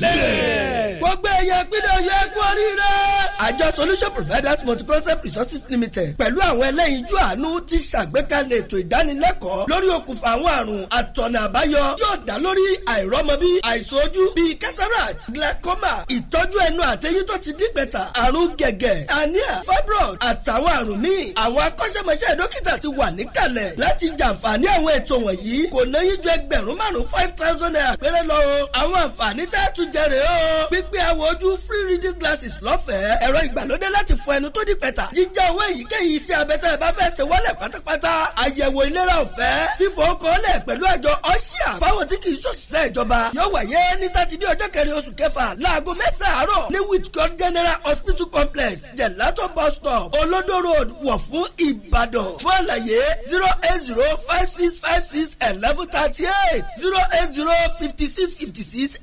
lẹ́ẹ̀. gbogbo èèyàn ìpínlẹ̀ ọ̀yọ́ ẹ̀kú oríire. àjọ solution providers multi-concept resources limited pẹ̀lú àwọn ẹlẹ́yinjú àánú ti ṣàgbékalẹ̀ ètò ìdánilẹ́kọ̀ọ́ lórí okùnfà àwọn àrùn àtọ̀nà àbáyọ yóò dá lórí àìrọ́mọbí àìsàn ojú bíi cataract glaucoma ìtọ́jú ẹnu àtẹyín tó ti dígbẹ̀ta àrùn gẹ̀gẹ̀ hernia fibroid àtàwọn àrùn míì àwọn akọ́ṣẹ́mọṣẹ́ dókítà ti wà níkàlẹ̀ láti jàǹfààní àwọn ètò wọ̀nyí kò náyí ju ẹgbẹ̀rún márùn five thousand naira péré lọ o àwọn àǹfààní tẹ́ ẹ̀ tún jẹrè o pípé àwọ̀ ojú free reading glasses lọ́fẹ̀ẹ́ ẹ̀rọ ìgbàlódé láti fọ ẹnu tó dígbẹ̀ta jíjá owó èyíkéyìí iṣẹ́ abẹ́tẹ́ ẹ bá fẹ́ ṣe wọ́lẹ̀ pátápátá àyẹ̀wò ìlera ọ̀fẹ́ fífọ́ kọ́lẹ̀ pẹ̀lú àjọ ọ̀ṣ àlàáfíà fáwọn tí kì í ṣòṣìṣẹ́ ìjọba yóò wáyé ní sátidé ọjọ́ kẹrin oṣù kẹfà láago mẹ́sàn-án àárọ̀ ní Whitcourt General Hospital Complex Jelato bus stop Olodo road wọ̀ fún Ìbàdàn fún àlàyé zero eight zero five six five six eleven thirty eight zero eight zero fifty six fifty six.